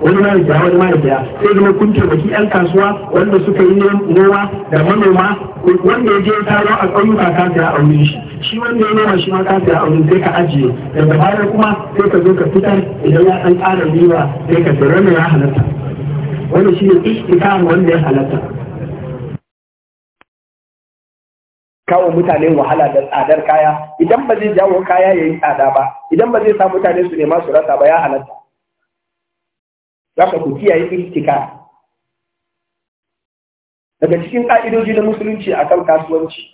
wani ma ya wani ma ya sai zama kun taimaki yan kasuwa wanda suka yi noma da manoma wanda ya je taro a ƙauyuka ka saya a wurin shi shi wanda ya noma shi ma ka siya abin sai ka ajiye daga baya kuma sai ka zo ka fitar idan ya san ƙara riba sai ka sayar mai ya halatta wanda shi ne istiqam wanda ya halatta kawo mutane wahala da tsadar kaya idan ba zai jawo kaya ya yi tsada ba idan ba zai sa mutane su nema su rasa ba ya halatta za ka ku kiyaye istika daga cikin ƙa'idoji na musulunci akan kasuwanci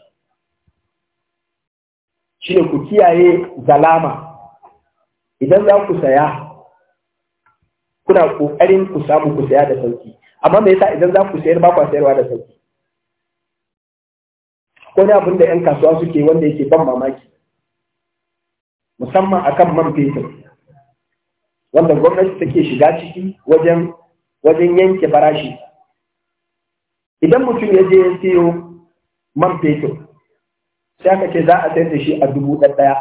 shine ku kiyaye zalama idan za ku saya kuna ƙoƙarin ku samu ku saya da sauki amma me yasa idan za ku sayar ba ku sayarwa da sauki ko ne abin da 'yan kasuwa suke wanda yake ban mamaki musamman akan man fetur wanda gwamnati take shiga ciki wajen wajen yanke farashi idan mutum ya je ya siyo man fetur sai aka ce za a sayar da shi a dubu ɗaya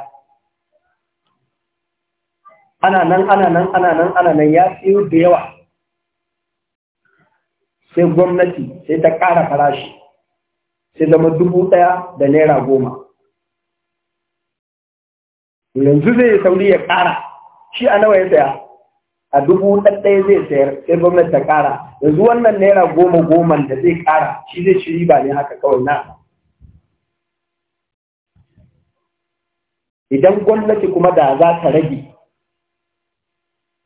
ana nan ana nan ana nan ana nan ya siyo da yawa sai gwamnati sai ta ƙara farashi sai zama dubu ɗaya da naira goma yanzu zai sauri ya ƙara shi a nawa ya saya a dubu ɗaya zai sayar sai gwamnati ta ƙara yanzu wannan naira goma goman da zai ƙara shi zai ci riba ne haka kawai na idan gwamnati kuma da za ta rage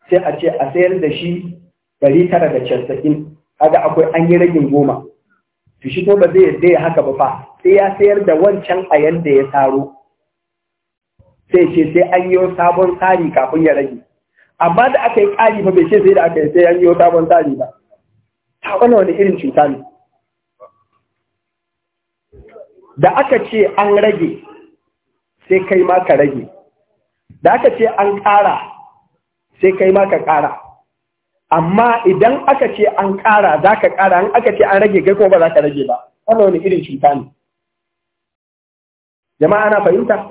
sai a ce a sayar da shi ɗari tara da casa'in kaga akwai an yi ragin goma to shi ba zai yadda ya haka ba fa sai ya sayar da wancan a yadda ya saro sai ce sai an yi sabon tsari kafin ya rage amma da aka yi ƙari ba bai ce sai da aka yi sai an yi sabon tsari ba ta wani wani irin cuta ne da aka ce an rage sai kai ma ka rage da aka ce an ƙara sai kai ma ka ƙara amma idan aka ce an ƙara za ka ƙara an aka ce an rage kai ko ba za ka rage ba wannan wani irin cuta ne jama'a ana fahimta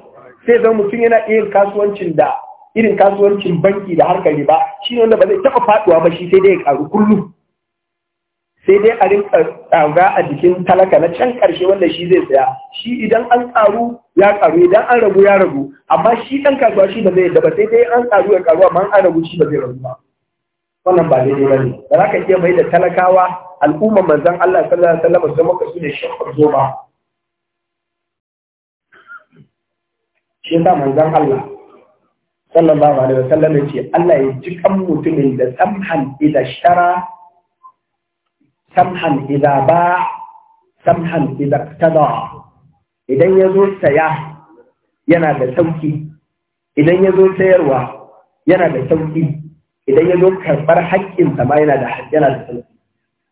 sai zan mutum yana irin kasuwancin da irin kasuwancin banki da harkar riba shi ne wanda ba zai taɓa faɗuwa ba shi sai dai ya ƙaru kullum sai dai a rinka tsaga a jikin talaka na can ƙarshe wanda shi zai tsaya. shi idan an ƙaru ya ƙaru idan an ragu ya ragu amma shi ɗan kasuwa shi ba zai yadda ba sai dai an ƙaru ya ƙaru amma an ragu shi ba zai ragu ba wannan ba daidai ba ne ba za ka iya mai da talakawa al'ummar manzan Allah sallallahu alaihi wasallam su maka su ne shakkar zo ba shi yasa manzan Allah sallallahu alaihi wasallam ya ce Allah ya ji kan mutumin da samhan ila shara samhan idza ba samhan idza tada idan yazo saya yana da sauki idan yazo sayarwa yana da sauki idan yazo karbar haƙƙin sa ma yana da yana da sauki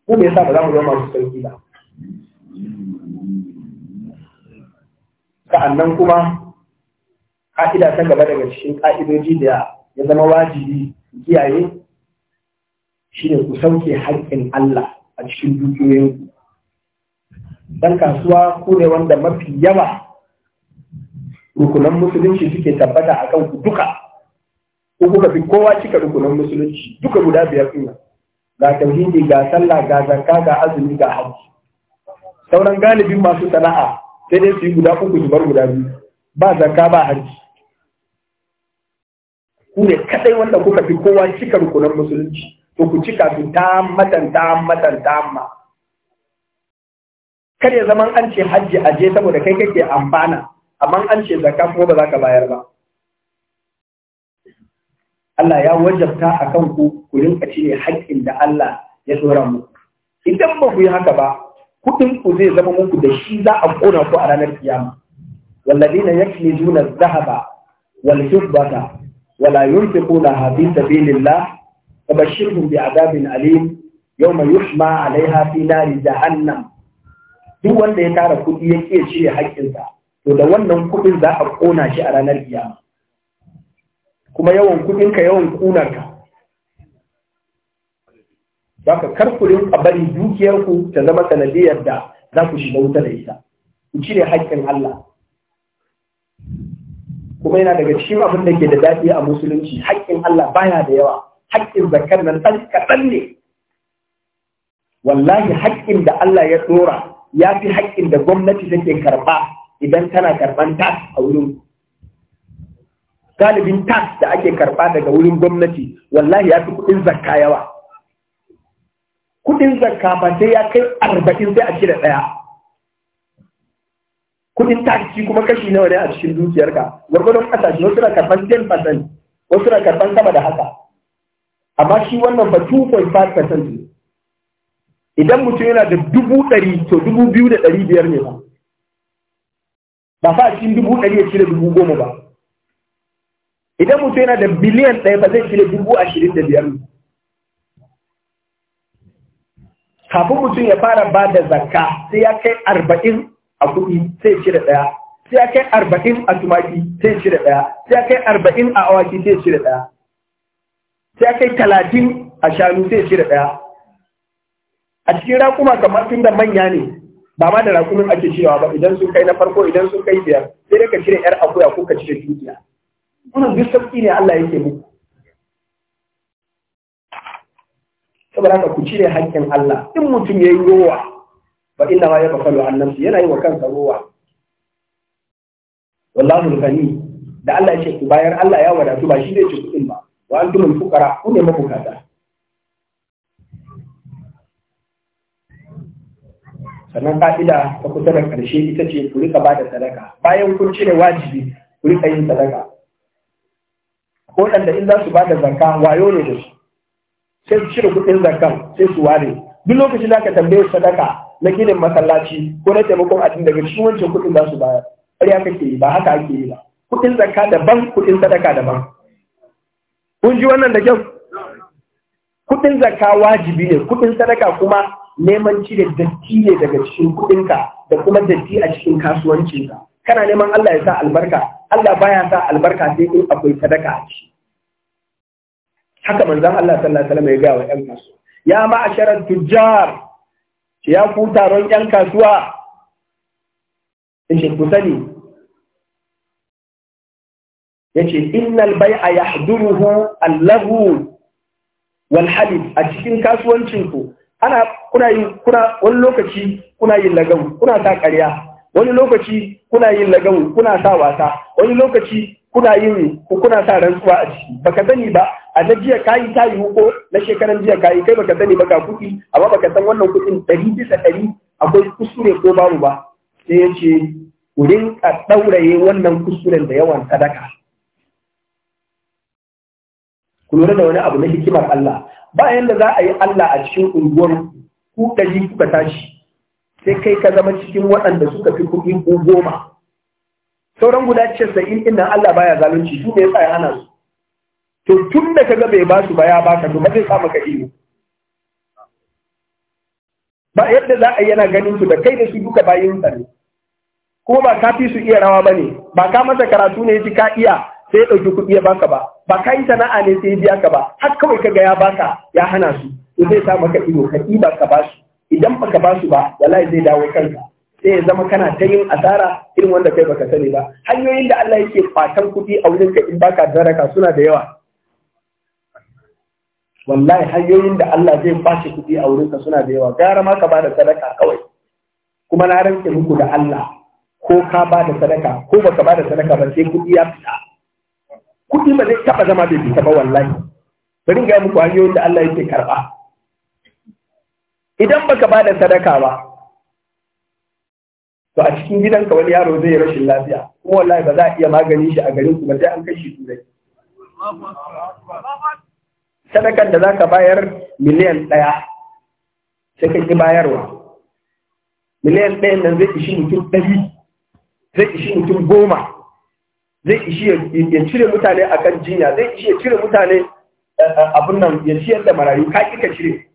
ko me yasa ba za mu zama masu sauki ba sa'annan kuma ka'ida ta gaba daga cikin ka'idoji da ya zama wajibi kiyaye shine ku sauke haƙƙin Allah a cikin dukiyoyinku Dan kasuwa ku ne wanda mafi yawa rukunan musulunci suke tabbata a kanku duka ko kuka fi kowa cika rukunan musulunci duka guda biyar ɗin ga tauhidi ga sallah ga zakka ga azumi ga hajji sauran galibin masu sana'a sai dai su yi guda uku su bar guda biyu ba zakka ba hajji ku ne kadai wanda kuka fi kowa cika rukunan musulunci to ku cika su tammatan tammatan tamma kar ya zaman an ce hajji je saboda kai kake amfana amma an ce zakka kuma ba za ka bayar ba Allah ya wajabta a kan ku ku rinka cire haƙƙin da Allah ya tsora mu idan ba ku yi haka ba kuɗin ku zai zama muku da shi za a ƙona ku a ranar kiyama والذين يكنزون الذهب والفضة ولا ينفقونها في سبيل الله فبشرهم بعذاب أليم يوم يحمى عليها في نار جهنم duk wanda ya tara kuɗi ya ƙiya cire haƙƙinsa to da wannan kuɗin za a ƙona shi a ranar kiyama kuma yawan kuɗinka yawan ƙunarka za ka kar a bari dukiyarku ta zama sanadiyar da za ku shiga wuta da ita ku cire haƙƙin Allah kuma yana daga cikin abin da ke da daɗi a musulunci haƙƙin Allah baya da yawa haƙƙin zakar nan ɗan kaɗan ne wallahi haƙƙin da Allah ya ɗora ya fi haƙƙin da gwamnati take karɓa idan tana karɓan tax a wurin galibin tax da ake karɓa daga wurin gwamnati wallahi ya fi kuɗin zakka yawa kuɗin zakka ba sai ya kai arba'in sai a cire ɗaya kuɗin tax shi kuma kashi nawa ne a cikin dukiyarka gwargwadon ƙasashe wasu na karɓan 10% wasu na karɓan sama da haka amma shi wannan ba 2.5% ne idan mutum yana da dubu ɗari to dubu biyu da ɗari biyar ne ba ba fa cikin dubu ɗari ya cire dubu goma ba idan mutum yana da biliyan ɗaya ba zai cire dubu ashirin da biyar kafin mutum ya fara ba da zakka sai ya kai arba'in a kuɗi sai cire ɗaya sai ya kai arba'in a tumaki sai cire ɗaya sai ya kai arba'in a awaki sai cire ɗaya sai aka talatin a shanu sai cire ɗaya a cikin raƙuma kamar tun da manya ne ba ma da raƙumin ake cirewa ba idan sun kai na farko idan sun kai biyar sai dai ka cire yar akuya ko ka cire dukiya wannan duk sauƙi ne Allah yake muku saboda haka ku cire haƙƙin Allah in mutum ya yi rowa ba inna ma yabqalu an nafsi yana yi wa kansa rowa wallahu al da Allah ya ce ku bayar Allah ya wadatu ba shi zai ci kuɗin ba wa antumul fuqara ku ne sannan ka'ida ta kusa da ƙarshe ita ce ku rika ba da sadaka bayan kun cire wajibi ku rika yin sadaka ko da in za su ba da zakka wayo ne da su sai su cire kuɗin zakkan sai su ware duk lokacin da ka tambaye sadaka na ginin masallaci ko na taimakon addini daga cikin wancan kuɗin za su bayar ƙarya kake yi ba haka ake yi ba kuɗin zakka daban kuɗin sadaka daban kun ji wannan da kyau kudin zakka wajibi ne Kuɗin sadaka kuma neman cire datti ne daga cikin kuɗinka da kuma datti a cikin kasuwancinka kana neman Allah ya sa albarka Allah baya sa albarka sai in akwai sadaka a ciki haka manzon Allah sallallahu alaihi wasallam ya ga wa ƴan kasuwa ya ma'asharat tujjar ya ku taron ƴan kasuwa in shi ku sani yace innal bai'a yahduruhu allahu wal a cikin kasuwancin ku ana kuna yin kuna wani lokaci kuna yin lagawu kuna sa ƙarya wani lokaci kuna yin lagawu kuna sa wasa wani lokaci kuna yin kuna sa rantsuwa a ciki baka sani ba a na jiya kayi ta yi ko na shekaran jiya kayi kai baka sani baka kuɗi amma baka san wannan kuɗin ɗari bisa ɗari akwai kuskure ko babu ba sai ya ce ku rinka ɗauraye wannan kuskuren da yawan sadaka ku lura da wani abu na hikimar Allah ba yanda za a yi Allah a cikin unguwar ku ɗari kuka tashi sai kai ka zama cikin waɗanda suka fi kuɗi ko goma sauran guda sai ɗin inda Allah baya zalunci su ne ya ana su to tun da ka ga bai ba su ba ya ba ka to ba zai samu ka iyo ba yadda za a yi yana ganin su da kai da su duka bayin sa ne kuma ba ka fi su iya rawa ba ne ba ka masa karatu ne ya ci ka iya sai ya ɗauki kuɗi ya baka ba ba ka yi sana'a ne sai biya ka ba har kawai ka ga ya baka ya hana su to zai sa maka ido ka ba ka ba su idan baka ba su ba wallahi zai dawo kanka sai ya zama kana ta yin asara irin wanda kai baka sani ba hanyoyin da Allah yake fatan kuɗi a wurin ka in baka zaraka suna da yawa wallahi hanyoyin da Allah zai bashi kuɗi a wurin ka suna da yawa gara ma ka ba da sadaka kawai kuma na rantse muku da Allah ko ka ba da sadaka ko baka ba da sadaka ba sai kuɗi ya fita kuɗi ba zai taɓa zama bai fita ba wallahi bari ga muku hanyoyin da Allah yake karɓa idan baka ba da sadaka ba to a cikin gidanka wani yaro zai rashin lafiya kuma wallahi ba za a iya magani shi a garin ku ba sai an kashi turai sadakan da zaka bayar miliyan ɗaya sai ka bayarwa miliyan ɗayan nan zai ishi mutum ɗari zai ishi mutum goma zai ishi ya cire mutane akan jinya zai ishi ya cire mutane eh, eh, abin nan ya ciyar da marayu ka ka cire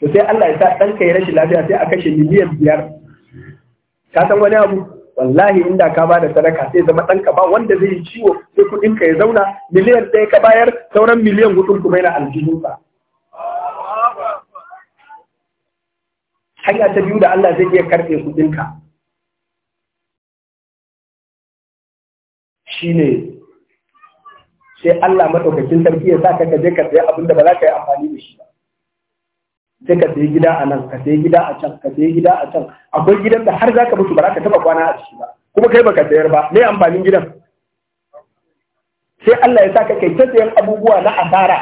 to sai Allah ya sa ɗanka ya rashin lafiya sai a kashe miliyan biyar ka san wani abu wallahi inda ka ba da sadaka sai zama ɗanka ba wanda zai yi ciwo sai kuɗinka ya zauna miliyan ɗaya ka bayar sauran miliyan hudun kuma yana aljihunsa hanya ta biyu da Allah zai iya karɓe ka shine sai Allah madaukakin sarki ya sa ka je ka sayi abin da ba za ka yi amfani da shi ba sai ka sayi gida a nan ka sayi gida a can ka sayi gida a can akwai gidan da har za ka mutu ba za ka taba kwana a ciki ba kuma kai baka sayar ba me amfanin gidan sai Allah ya sa ka kai ta sayan abubuwa na asara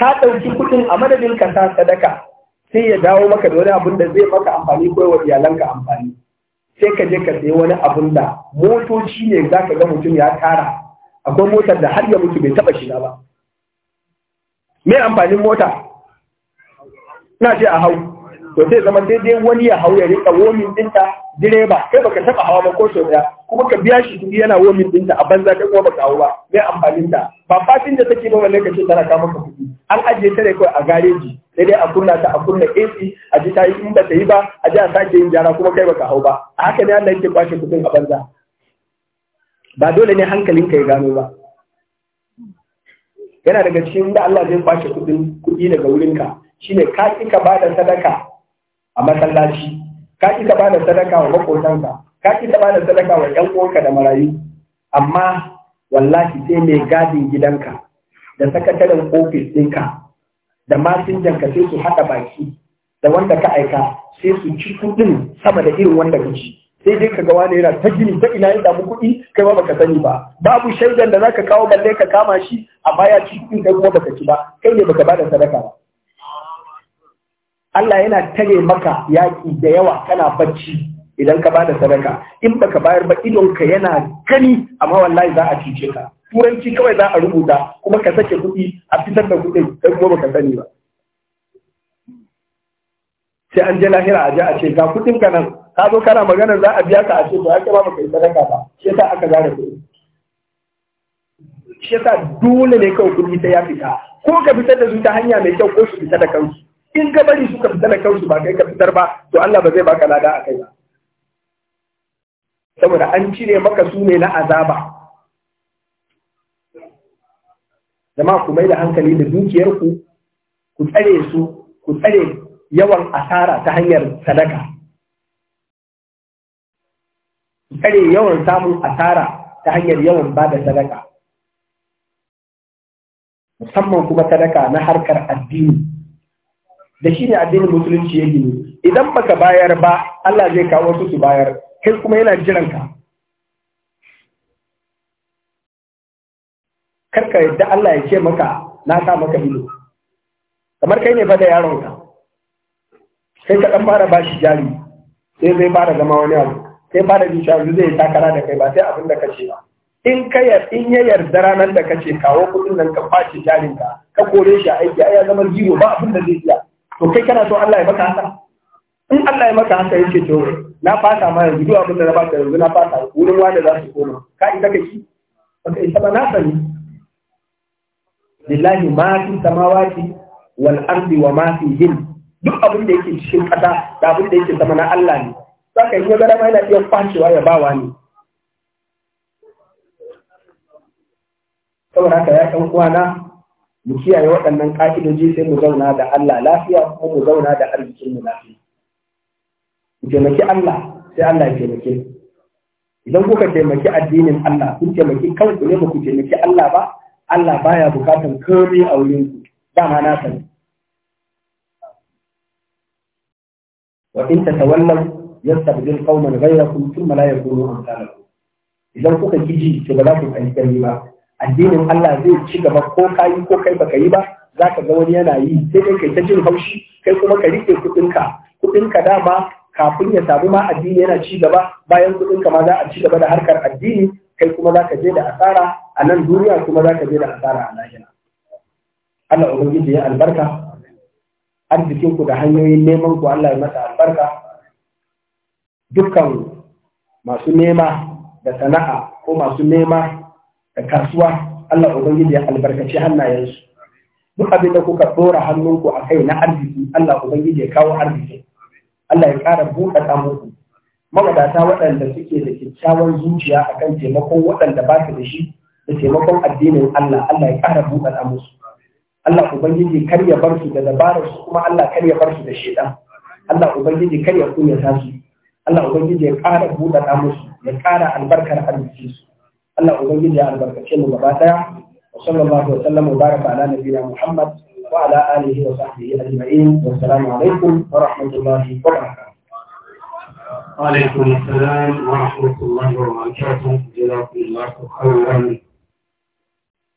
ka ɗauki kuɗin a madadin ka sa sadaka sai ya dawo maka da wani abin da zai maka amfani ko wa iyalanka amfani sai ka je ka sayi wani abun da motoci ne za ka ga mutum ya tara akwai motar da har ya mutu bai taba shiga ba me amfanin mota Ina ce a hau to sai zama daidai wani ya hau ya rika womin dinta direba kai baka taba hawa ba ko sau daya kuma ka biya shi kuɗi yana womin dinta a banza kai kuma baka ba mai amfanin da ba fatin da take ba balle ka ce tana kawo maka kuɗi an ajiye ta ne kawai a gareji sai dai a kunna ta a kunna AC a ji ta yi in ba ta yi ba a ji a sake yin jara kuma kai baka hau ba a haka ne Allah yake kwashe kuɗin a banza ba dole ne hankalin ka ya gano ba yana daga cikin da Allah zai kwashe kuɗin kuɗi daga wurinka shine ka kika bada sadaka a masallaci ka kika ka bada sadaka wa makotanka ka ki da sadaka wa ƴan uwanka da marayu amma wallahi sai mai gadin gidanka da sakataren ofis ɗinka da masinjanka sai su haɗa baki da wanda ka aika sai su ci kuɗin sama da irin wanda ka ci sai dai ka ga wani yana ta gini ta ina ya damu kuɗi kai ba baka sani ba babu shaidan da zaka kawo balle ka kama shi amma ya ci kuɗin kai kuma baka ci ba kai ne baka bada sadaka ba Allah yana tare maka yaƙi da yawa kana bacci idan ka bada sadaka in baka bayar ba ka yana gani amma wallahi za a cice ka turanci kawai za a rubuta kuma ka sake kuɗi a fitar da kuɗi, sai kuma baka sani ba sai an je lahira a je a ce ga kuɗin ka nan ka zo kana magana za a biya ka a ce to ake ba baka yi sadaka ba shi yasa aka zara kuɗi shi yasa dole ne kawai kuɗi sai ya fita ko ka fitar da su ta hanya mai kyau ko su fita da kansu in ka bari suka fita da kansu ba kai ka fitar ba to Allah ba zai baka lada a kai ba saboda an cire maka su ne na azaba Zama ku mai da hankali da dukiyarku ku tsare su ku tsare yawan asara ta hanyar sadaka ku tsare yawan samun asara ta hanyar yawan ba da sadaka musamman kuma sadaka na harkar addini da shi ne addinin musulunci ya gini idan baka bayar ba Allah zai kawo su su bayar kai kuma yana jiranka karka yadda Allah ya ce maka na sa maka ido kamar kai ne fa da yaronka sai ka dan fara bashi jari sai zai fara zama wani abu sai fara jin shi zai takara da kai ba sai abin da kace ba in ka in ya yarda ranar da kace kawo kudin nan ka kwace jarinka ka kore shi aiki ai ya zama jiro. ba abin da zai iya to kai kana so Allah ya baka haka in Allah ya maka haka yake to na fata ma yanzu duk abin da na baka yanzu na fata wurin wanda za su koma ka isa kake baka isa ba na sani lillahi ma fi samawati wal ardi wa ma hin duk abin da yake cikin kasa da abin da yake sama na Allah ne saka yi gara ma yana iya kwacewa ya bawa wani saboda haka ya ɗan uwana mu kiyaye waɗannan ƙa'idoji sai mu zauna da Allah lafiya kuma mu zauna da arzikin mu lafiya taimaki Allah sai Allah ya taimake idan kuka taimaki addinin Allah kun taimaki kanku ne ku taimaki Allah ba Allah baya bukatan komai a wurin ku ma na sani wa in tatawallaw yastabdil qauman ghayrakum thumma la yakunu amsalakum idan kuka kiji to ba za ku kai ba addinin Allah zai ci gaba ko kai ko kai baka yi ba za ka ga wani yana yi sai dai kai ta jin haushi kai kuma ka rike kuɗinka kuɗinka dama kafin ya samu ma addini yana ci gaba bayan kuɗin ka ma za a ci gaba da harkar addini kai kuma za ka je da asara a nan duniya kuma za ka je da asara a lahira Allah ubangiji ya albarka arzikin ku da hanyoyin neman ku Allah ya masa albarka dukkan masu nema da sana'a ko masu nema da kasuwa Allah ubangiji ya albarkaci hannayensu duk abin da kuka dora hannunku a kai na arziki Allah ubangiji ya kawo arziki Allah ya ƙara buɗe muku mawadata waɗanda suke da kyakkyawar zuciya akan taimakon waɗanda ba su da shi da taimakon addinin Allah Allah ya ƙara buɗaɗa musu Allah ubangiji kar ya bar su da dabarar su kuma Allah kar ya bar su da shedan Allah ubangiji kar ya kunya ta su Allah ubangiji ya ƙara buɗaɗa musu ya ƙara albarkar arziki su Allah ubangiji ya albarkace mu gaba daya wa sallallahu alaihi wa sallam baraka ala nabiyina Muhammad وعلى آله وصحبه أجمعين والسلام عليكم ورحمة الله وبركاته وعليكم السلام ورحمة الله وبركاته جزاكم الله خيرا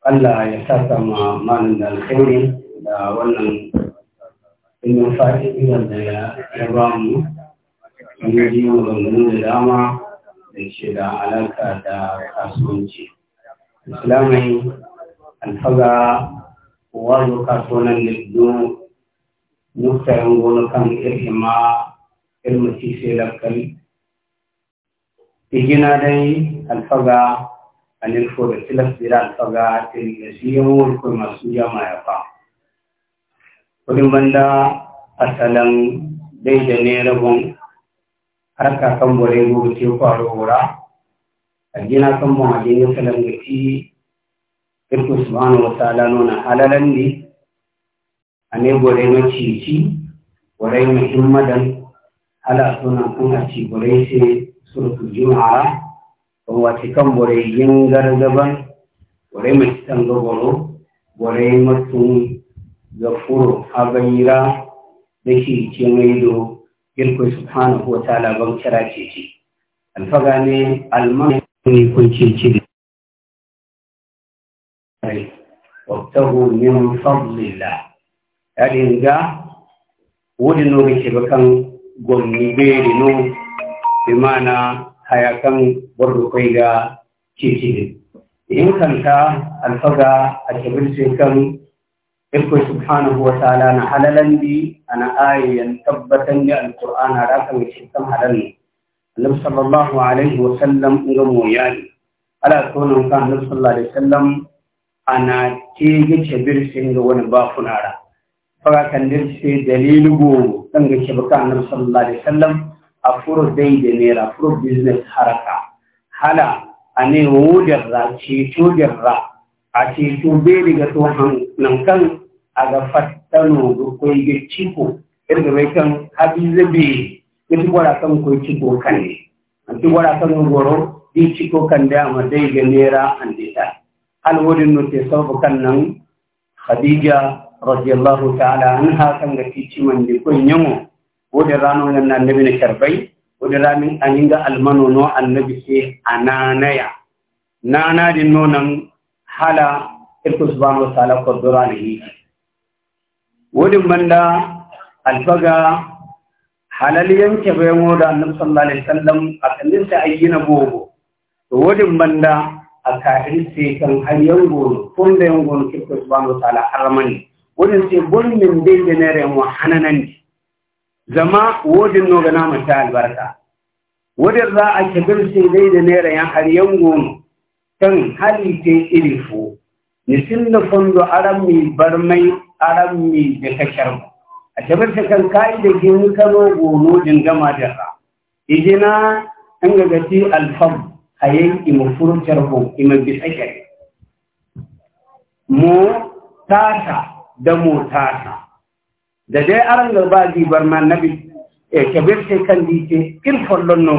Allah ya saka ma malin da alkhairi da wannan ilimin fa'idar da ya ba mu mun ji maganganu da dama da ke da alaka da kasuwanci. Islamai alfaga wayo ka sonan da do nukta ngolo kan irhima irma ci se lakkal tigina dai alfaga anil fura tilas dira alfaga til nasiyo ko masuya ma yafa kudin banda asalan dai da ne rabon harka kan bore go te ko wura a gina kan mu a gina irku subhanahu wa ta'ala nuna halalan ne a ne gore macici gore muhimmadan ala sunan kan a ci gore sai surutu juma'a kan wace kan gore yin gargaban gore mai cikin gogoro gore mutum ga furo a bayira da shi ce mai do irku subhanahu wa ta'ala ban kira ce ce alfaga ne ne kun ce ce wabtahu min fadlillah yadin ga wani no ga shiga kan gonni beri no bi mana haya kan barru kai ga cici in kanta alfaga a kibirsin kan irko subhanahu wa ta'ala na halalan bi ana ayan tabbatan da alqur'ana da kan shikan halal ne annabi sallallahu alaihi wa sallam ga mu ala sunan kan annabi sallallahu alaihi wa sallam ana tege cebir singa wani ba funara faga kandir se dalilu go danga cebaka annab sallallahu alaihi wasallam furo dai de ra furo business haraka hala ane wudar ra to tudar ra a ci to be daga to han nan kan aga fatano go koy ge ciko irga mai kan habize be ki gora kan ci ko kan ne an ti gora kan goro di ko kan da ma dai ga ra an dai wurin nuke sauku kan nan khadija radiyallahu ta'ala an hakan ga kici man di kun yamo wode rano nan nan nabi ne karbai wode ramin aninga almano no annabi sai ananaya nana din nonan hala irku subhanahu wa ta'ala ko durani wode manda alfaga halal yanke bayan wada annabi sallallahu alaihi wasallam a kallin ta ayyina gogo to wodin banda akahirse kan har yangono fonda yangono kirko subhanahu wa ta'ala haramani wodin se bon min de denere hananan ne zama wodin no gana mata albarka wodin za a kibir sai dai denere ya har yangono kan hali te ilifu ni sinna fondo arami barmai arami de kasharmo a kibir se kan kai da gin kano gono din gama da ijina an gagati alfam ayen imu furtarhu imu bisashari mu tasa da mu tasa da dai aran garba bar ma nabi eh, kebir sai kan ce kin fallon no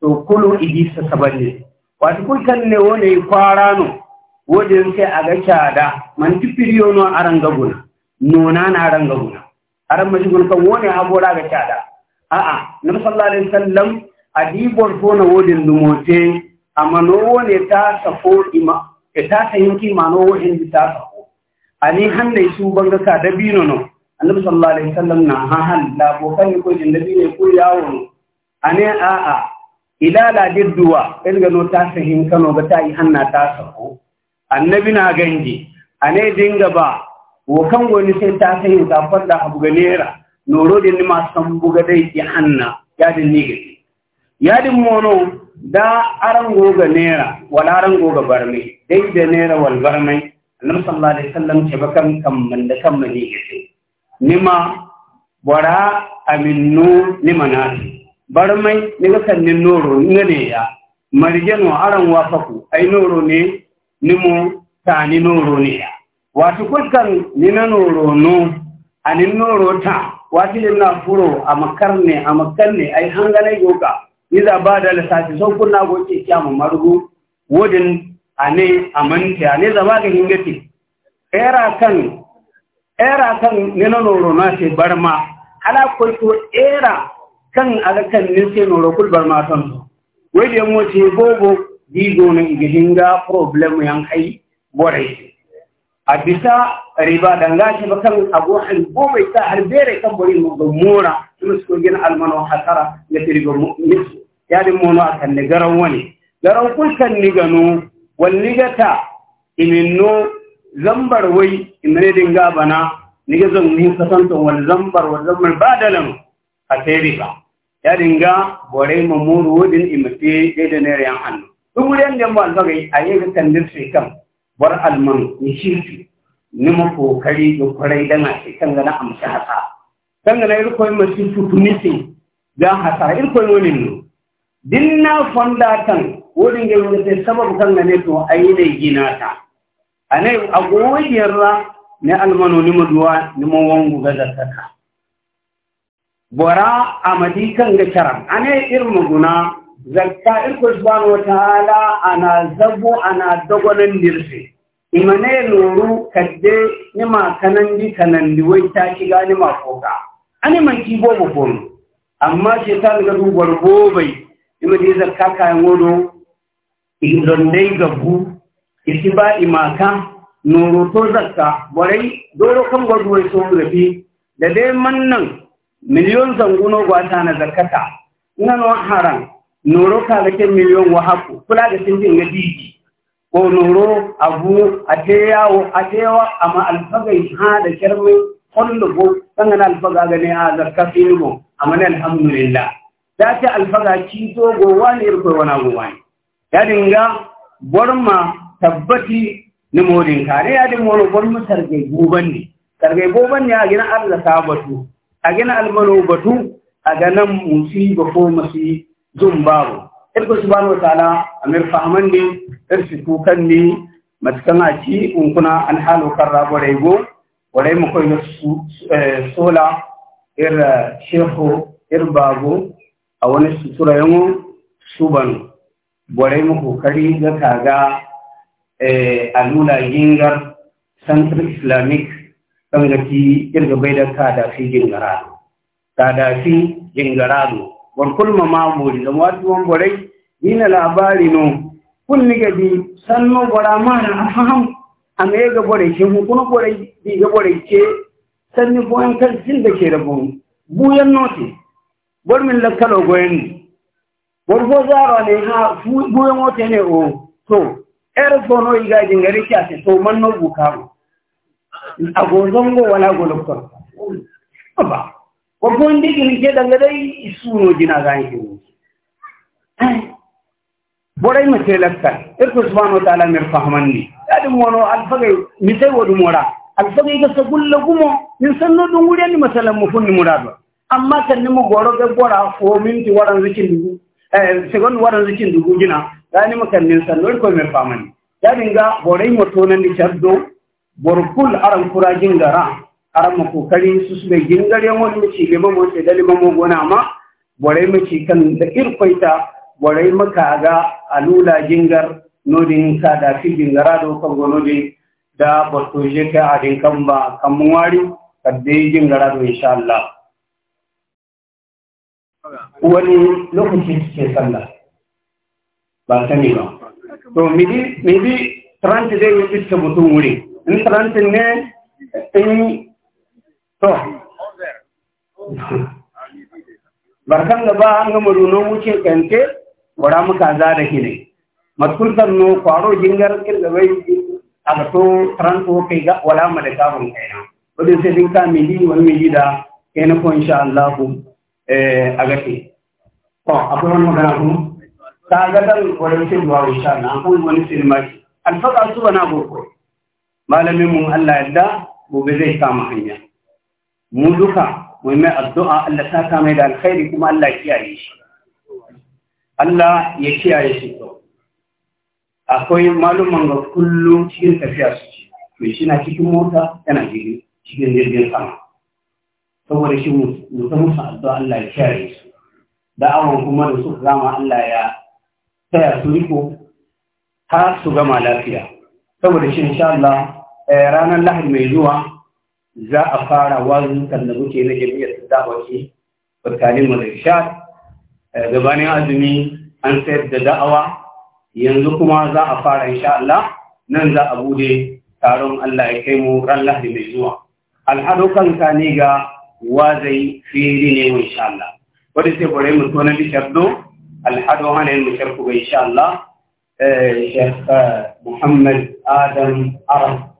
to kulu idisa sabanne wato kul kan ne wone kwara no wodin sai aga cada man tipiriyo no aran gona. nona na aran gona. aran majigun kan wone abora ga cada a'a nabi sallallahu alaihi wasallam adibor fona wodin dumote amanowo ne ta safo ima ta yanki manowo in ta a ani hannun su banga ka dabino no annabi sallallahu alaihi wasallam na ha han la bo kan ko jin dabine ko yawo no ne a a ila la didduwa ilga no ta sahin kano ga ta yi hanna ta safo annabi na A ne dinga ba wo kan goni sai ta sahin zafar da abu ga nera noro din ma san buga dai ya hanna ya din ni yadin mono da aran goga nera wal aran goga barme dai da nera wal barme annabi sallallahu alaihi wasallam ce bakan kan man da kan mani yake nima wara aminnu nima na barme ni ga kan nin noro ngane ya marjano aran ku. ai noro ne nimo tani noro ne ya wato ni nina noro no anin noro ta wato na furo a makarne a makarne ai hangalai goga iza ba da lissafi sau kuna goce kya mamargo wodin ane amante ne zama ga hingati era kan era kan nina noro na ce barma ala kwaito era kan ala kan nin ce noro kul barma ton so wai da mu ce bobo digo na iga hinga problem yan kai bore a bisa riba danga shi ba kan abu hal gobe ta har bere kan bori mu ga mora su gina almano hasara ya tiri mu yaɗin mono a kanne garan wani garan kan ni gano wani gata iminno zambar wai din dinga bana ga zan mu kasanto wani zambar wani zambar nan a terika ya dinga gore mamuru wadin imite dai da nere yan hannu duk 'yan da ba albagai a yi ga kandir sai kan bar alman ni shirki ni mu kokari da kwarai dan a kan gana na amsa hasa kan gana na masu tutunisi dan hasa irkoi wani ne dinna fonda kan wurin ga sai sababu kan ne to ayi ne gina ta anai agoyi ra ne almanu, ni muduwa ni mo wangu ga zakka bora amadi kan ga sharam anai irin guna zakka irko subhanahu wa ta'ala ana zabo, ana dogonan dirse imane loru kadde ni ma kanan di kanan di wai ta ki gani ma koka ani man kibo mu amma shetan ga dubar gobai imadi zakka kayan wono dai gabu isiba imaka nuru to zakka borai doro kan gwaduwai so rafi da dai mannan miliyon zanguno gwata na zakata ina no haran nuru ka ke miliyon wa haku kula da sun dinga diji ko nuru abu ateyawo atewa amma alfagai ha da kirmin kullu go sangana alfaga ne a zakka go, amma alhamdulillah ta ce alfaga ci to gowa ne irko wana gowa ne ya dinga borma tabbati na modin ka ne ya dinga wani borma sarge goban ne sarge goban ne a gina arzaka batu a gina almano batu a ganan musi ba ko masi zun babu irko subhanahu wa ta'ala amir fahman ne irsi kukan ne matukan a ci unkuna an halo karra gwarai go gwarai makwai na eh, sola ir eh, shehu ir babu A wani sutura ban gware mu kokari ga kaga a eh, alula Gingar, central islamic kan ga ki irga bai da ka da fi jingara ka kulma ma mori da wati won yi na labari no kun ni ga bi sanno bora ma na a mai ga borai shi kun borai ke sannu ce jin da ke da buyan noti bor min lakkalo goyen bor fo zarane ha ne o to ere fono yigaji ngari case to man manno bukamo ago zongo wala go doktor aba ko bondi gini ke danga dai isuno jina gani ke borai mate lakka irko subhanahu wa ta'ala mir fahmanni dadum wono alfagay mi sai wodu mora alfagay ga sagulla gumo min sanno dum wuri ni masalan mu funni murado amma kan ni mu goro ga gora ko min ti waran zikin dugu eh segon waran zikin dugu gina ni mu kan nin sallol ko me famani ya dinga gore mu nan ni chaddo borkul aran kurajin gara aran mu kokari su su bai gingare mu ni ci gaba mu ce dali mu gona ma gore mu ci kan da irkoita borai maka ga alula jingar nodin ka da fi jingara do kan gonodin da bato ka adin kan ba kan mu wari kadde jingara do insha Allah wani lokacin suke sallah ba sani ba to bi transit zai yi iska mutum wuri in transit ne in to barkan da ba an gama runo wuce kyanke wara muka za da hine matkultar no kwaro jingar da bai a ga to transit kai ga wala ma da kafin kaina wadda sai dinka mai yi wani mai yi da kai na ko insha Allah a gafe to akwai wani magana kuma ta ga zan kwarin fil wa insha Allah akwai wani filmaki alfaka su bana gurko malamin mu Allah yadda gobe zai kama hanya mu duka mu mai addu'a Allah ta kama da alkhairi kuma Allah ya kiyaye shi Allah ya kiyaye shi akwai maluman ga kullum cikin tafiya su ce mai shi na cikin mota yana jirgin cikin jirgin sama saboda shi musu addu'a Allah ya kiyaye su da'awan kuma da suka gama Allah ya taya su riko har su gama lafiya saboda shi insha Allah eh, ranar Lahadi mai zuwa za a fara wazukan da muke na jami'ar da'awaci tsakanin mu da Ishaq eh, gabanin azumi an sayar da da'awa yanzu kuma za a fara insha Allah nan za a bude taron Allah ya kai mu ran Lahadi mai zuwa alhado kanka ne ga وازي في نيم إن شاء الله ورسي بوري متونا بشردو الحدو عن المشرف إن شاء الله آه، شيخ محمد آدم عرب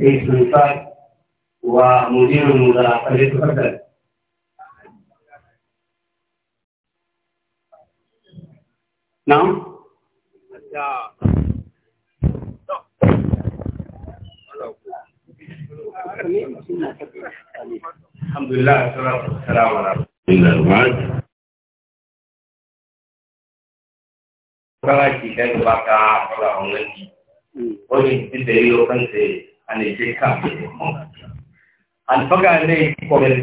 رئيس الفاتح ومدير المدراء فليتفضل نعم Gracias. alhamdulillah salatu wassalamu ala rasulillah ma'ad kala ki kai baka kala onganti wani tidde yo kanse ane jeka an faga ne ko men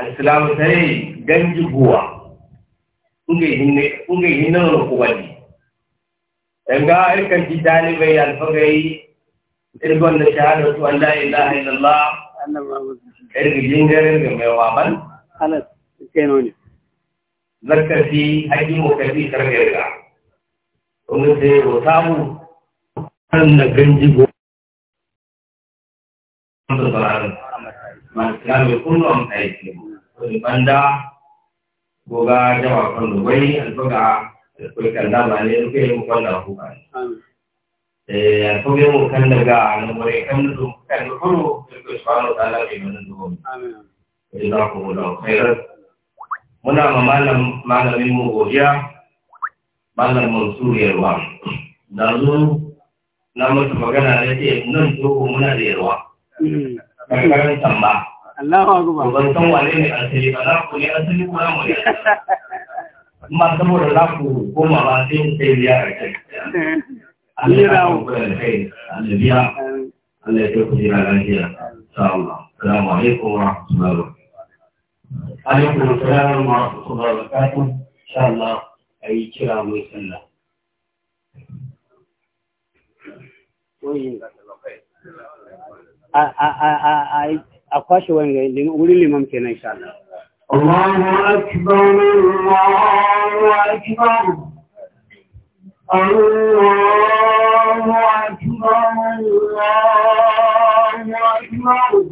al-islam sai ganji guwa unge hinne unge hinne ko wadi danga ai kan ji dalibai al-fagai irga wannan shahadatu an la ilaha illallah irga jingar irga mai waman halas keno ne zakkafi hakimu kafi tarbiyyarka kuma sai ko samu an na ganji go da salarin ya mai kullu am aiki ko banda goga jawa kan dubai albaga da kulkan da ba ne ko yi mu ku ko bi mo kan daga an mo re kan do kan ko ro ko subhanahu wa ta'ala bi man do amin illa ko do khair muna ma malam malam mi mo ya malam mo suri ya wa da lu na mo magana ne ti nan do muna re ya wa kan tamba allahu akbar ko ne asiri bana ko ya asiri ko mo ya ma ta mo ku ko ba sai sai ya ka Allah ya kawo kuɗa da kai Allah biya Allah ya kai kuɗi na lafiya sa'amma salamu alaikum wa rahmatullahi wa barakatuh alaikum assalamu wa rahmatullahi wa barakatuh insha Allah ayi kira mai sallah a kwashe wani wurin limam kenan insha Allah Allahu akbar Allahu akbar الله أكبر الله أكبر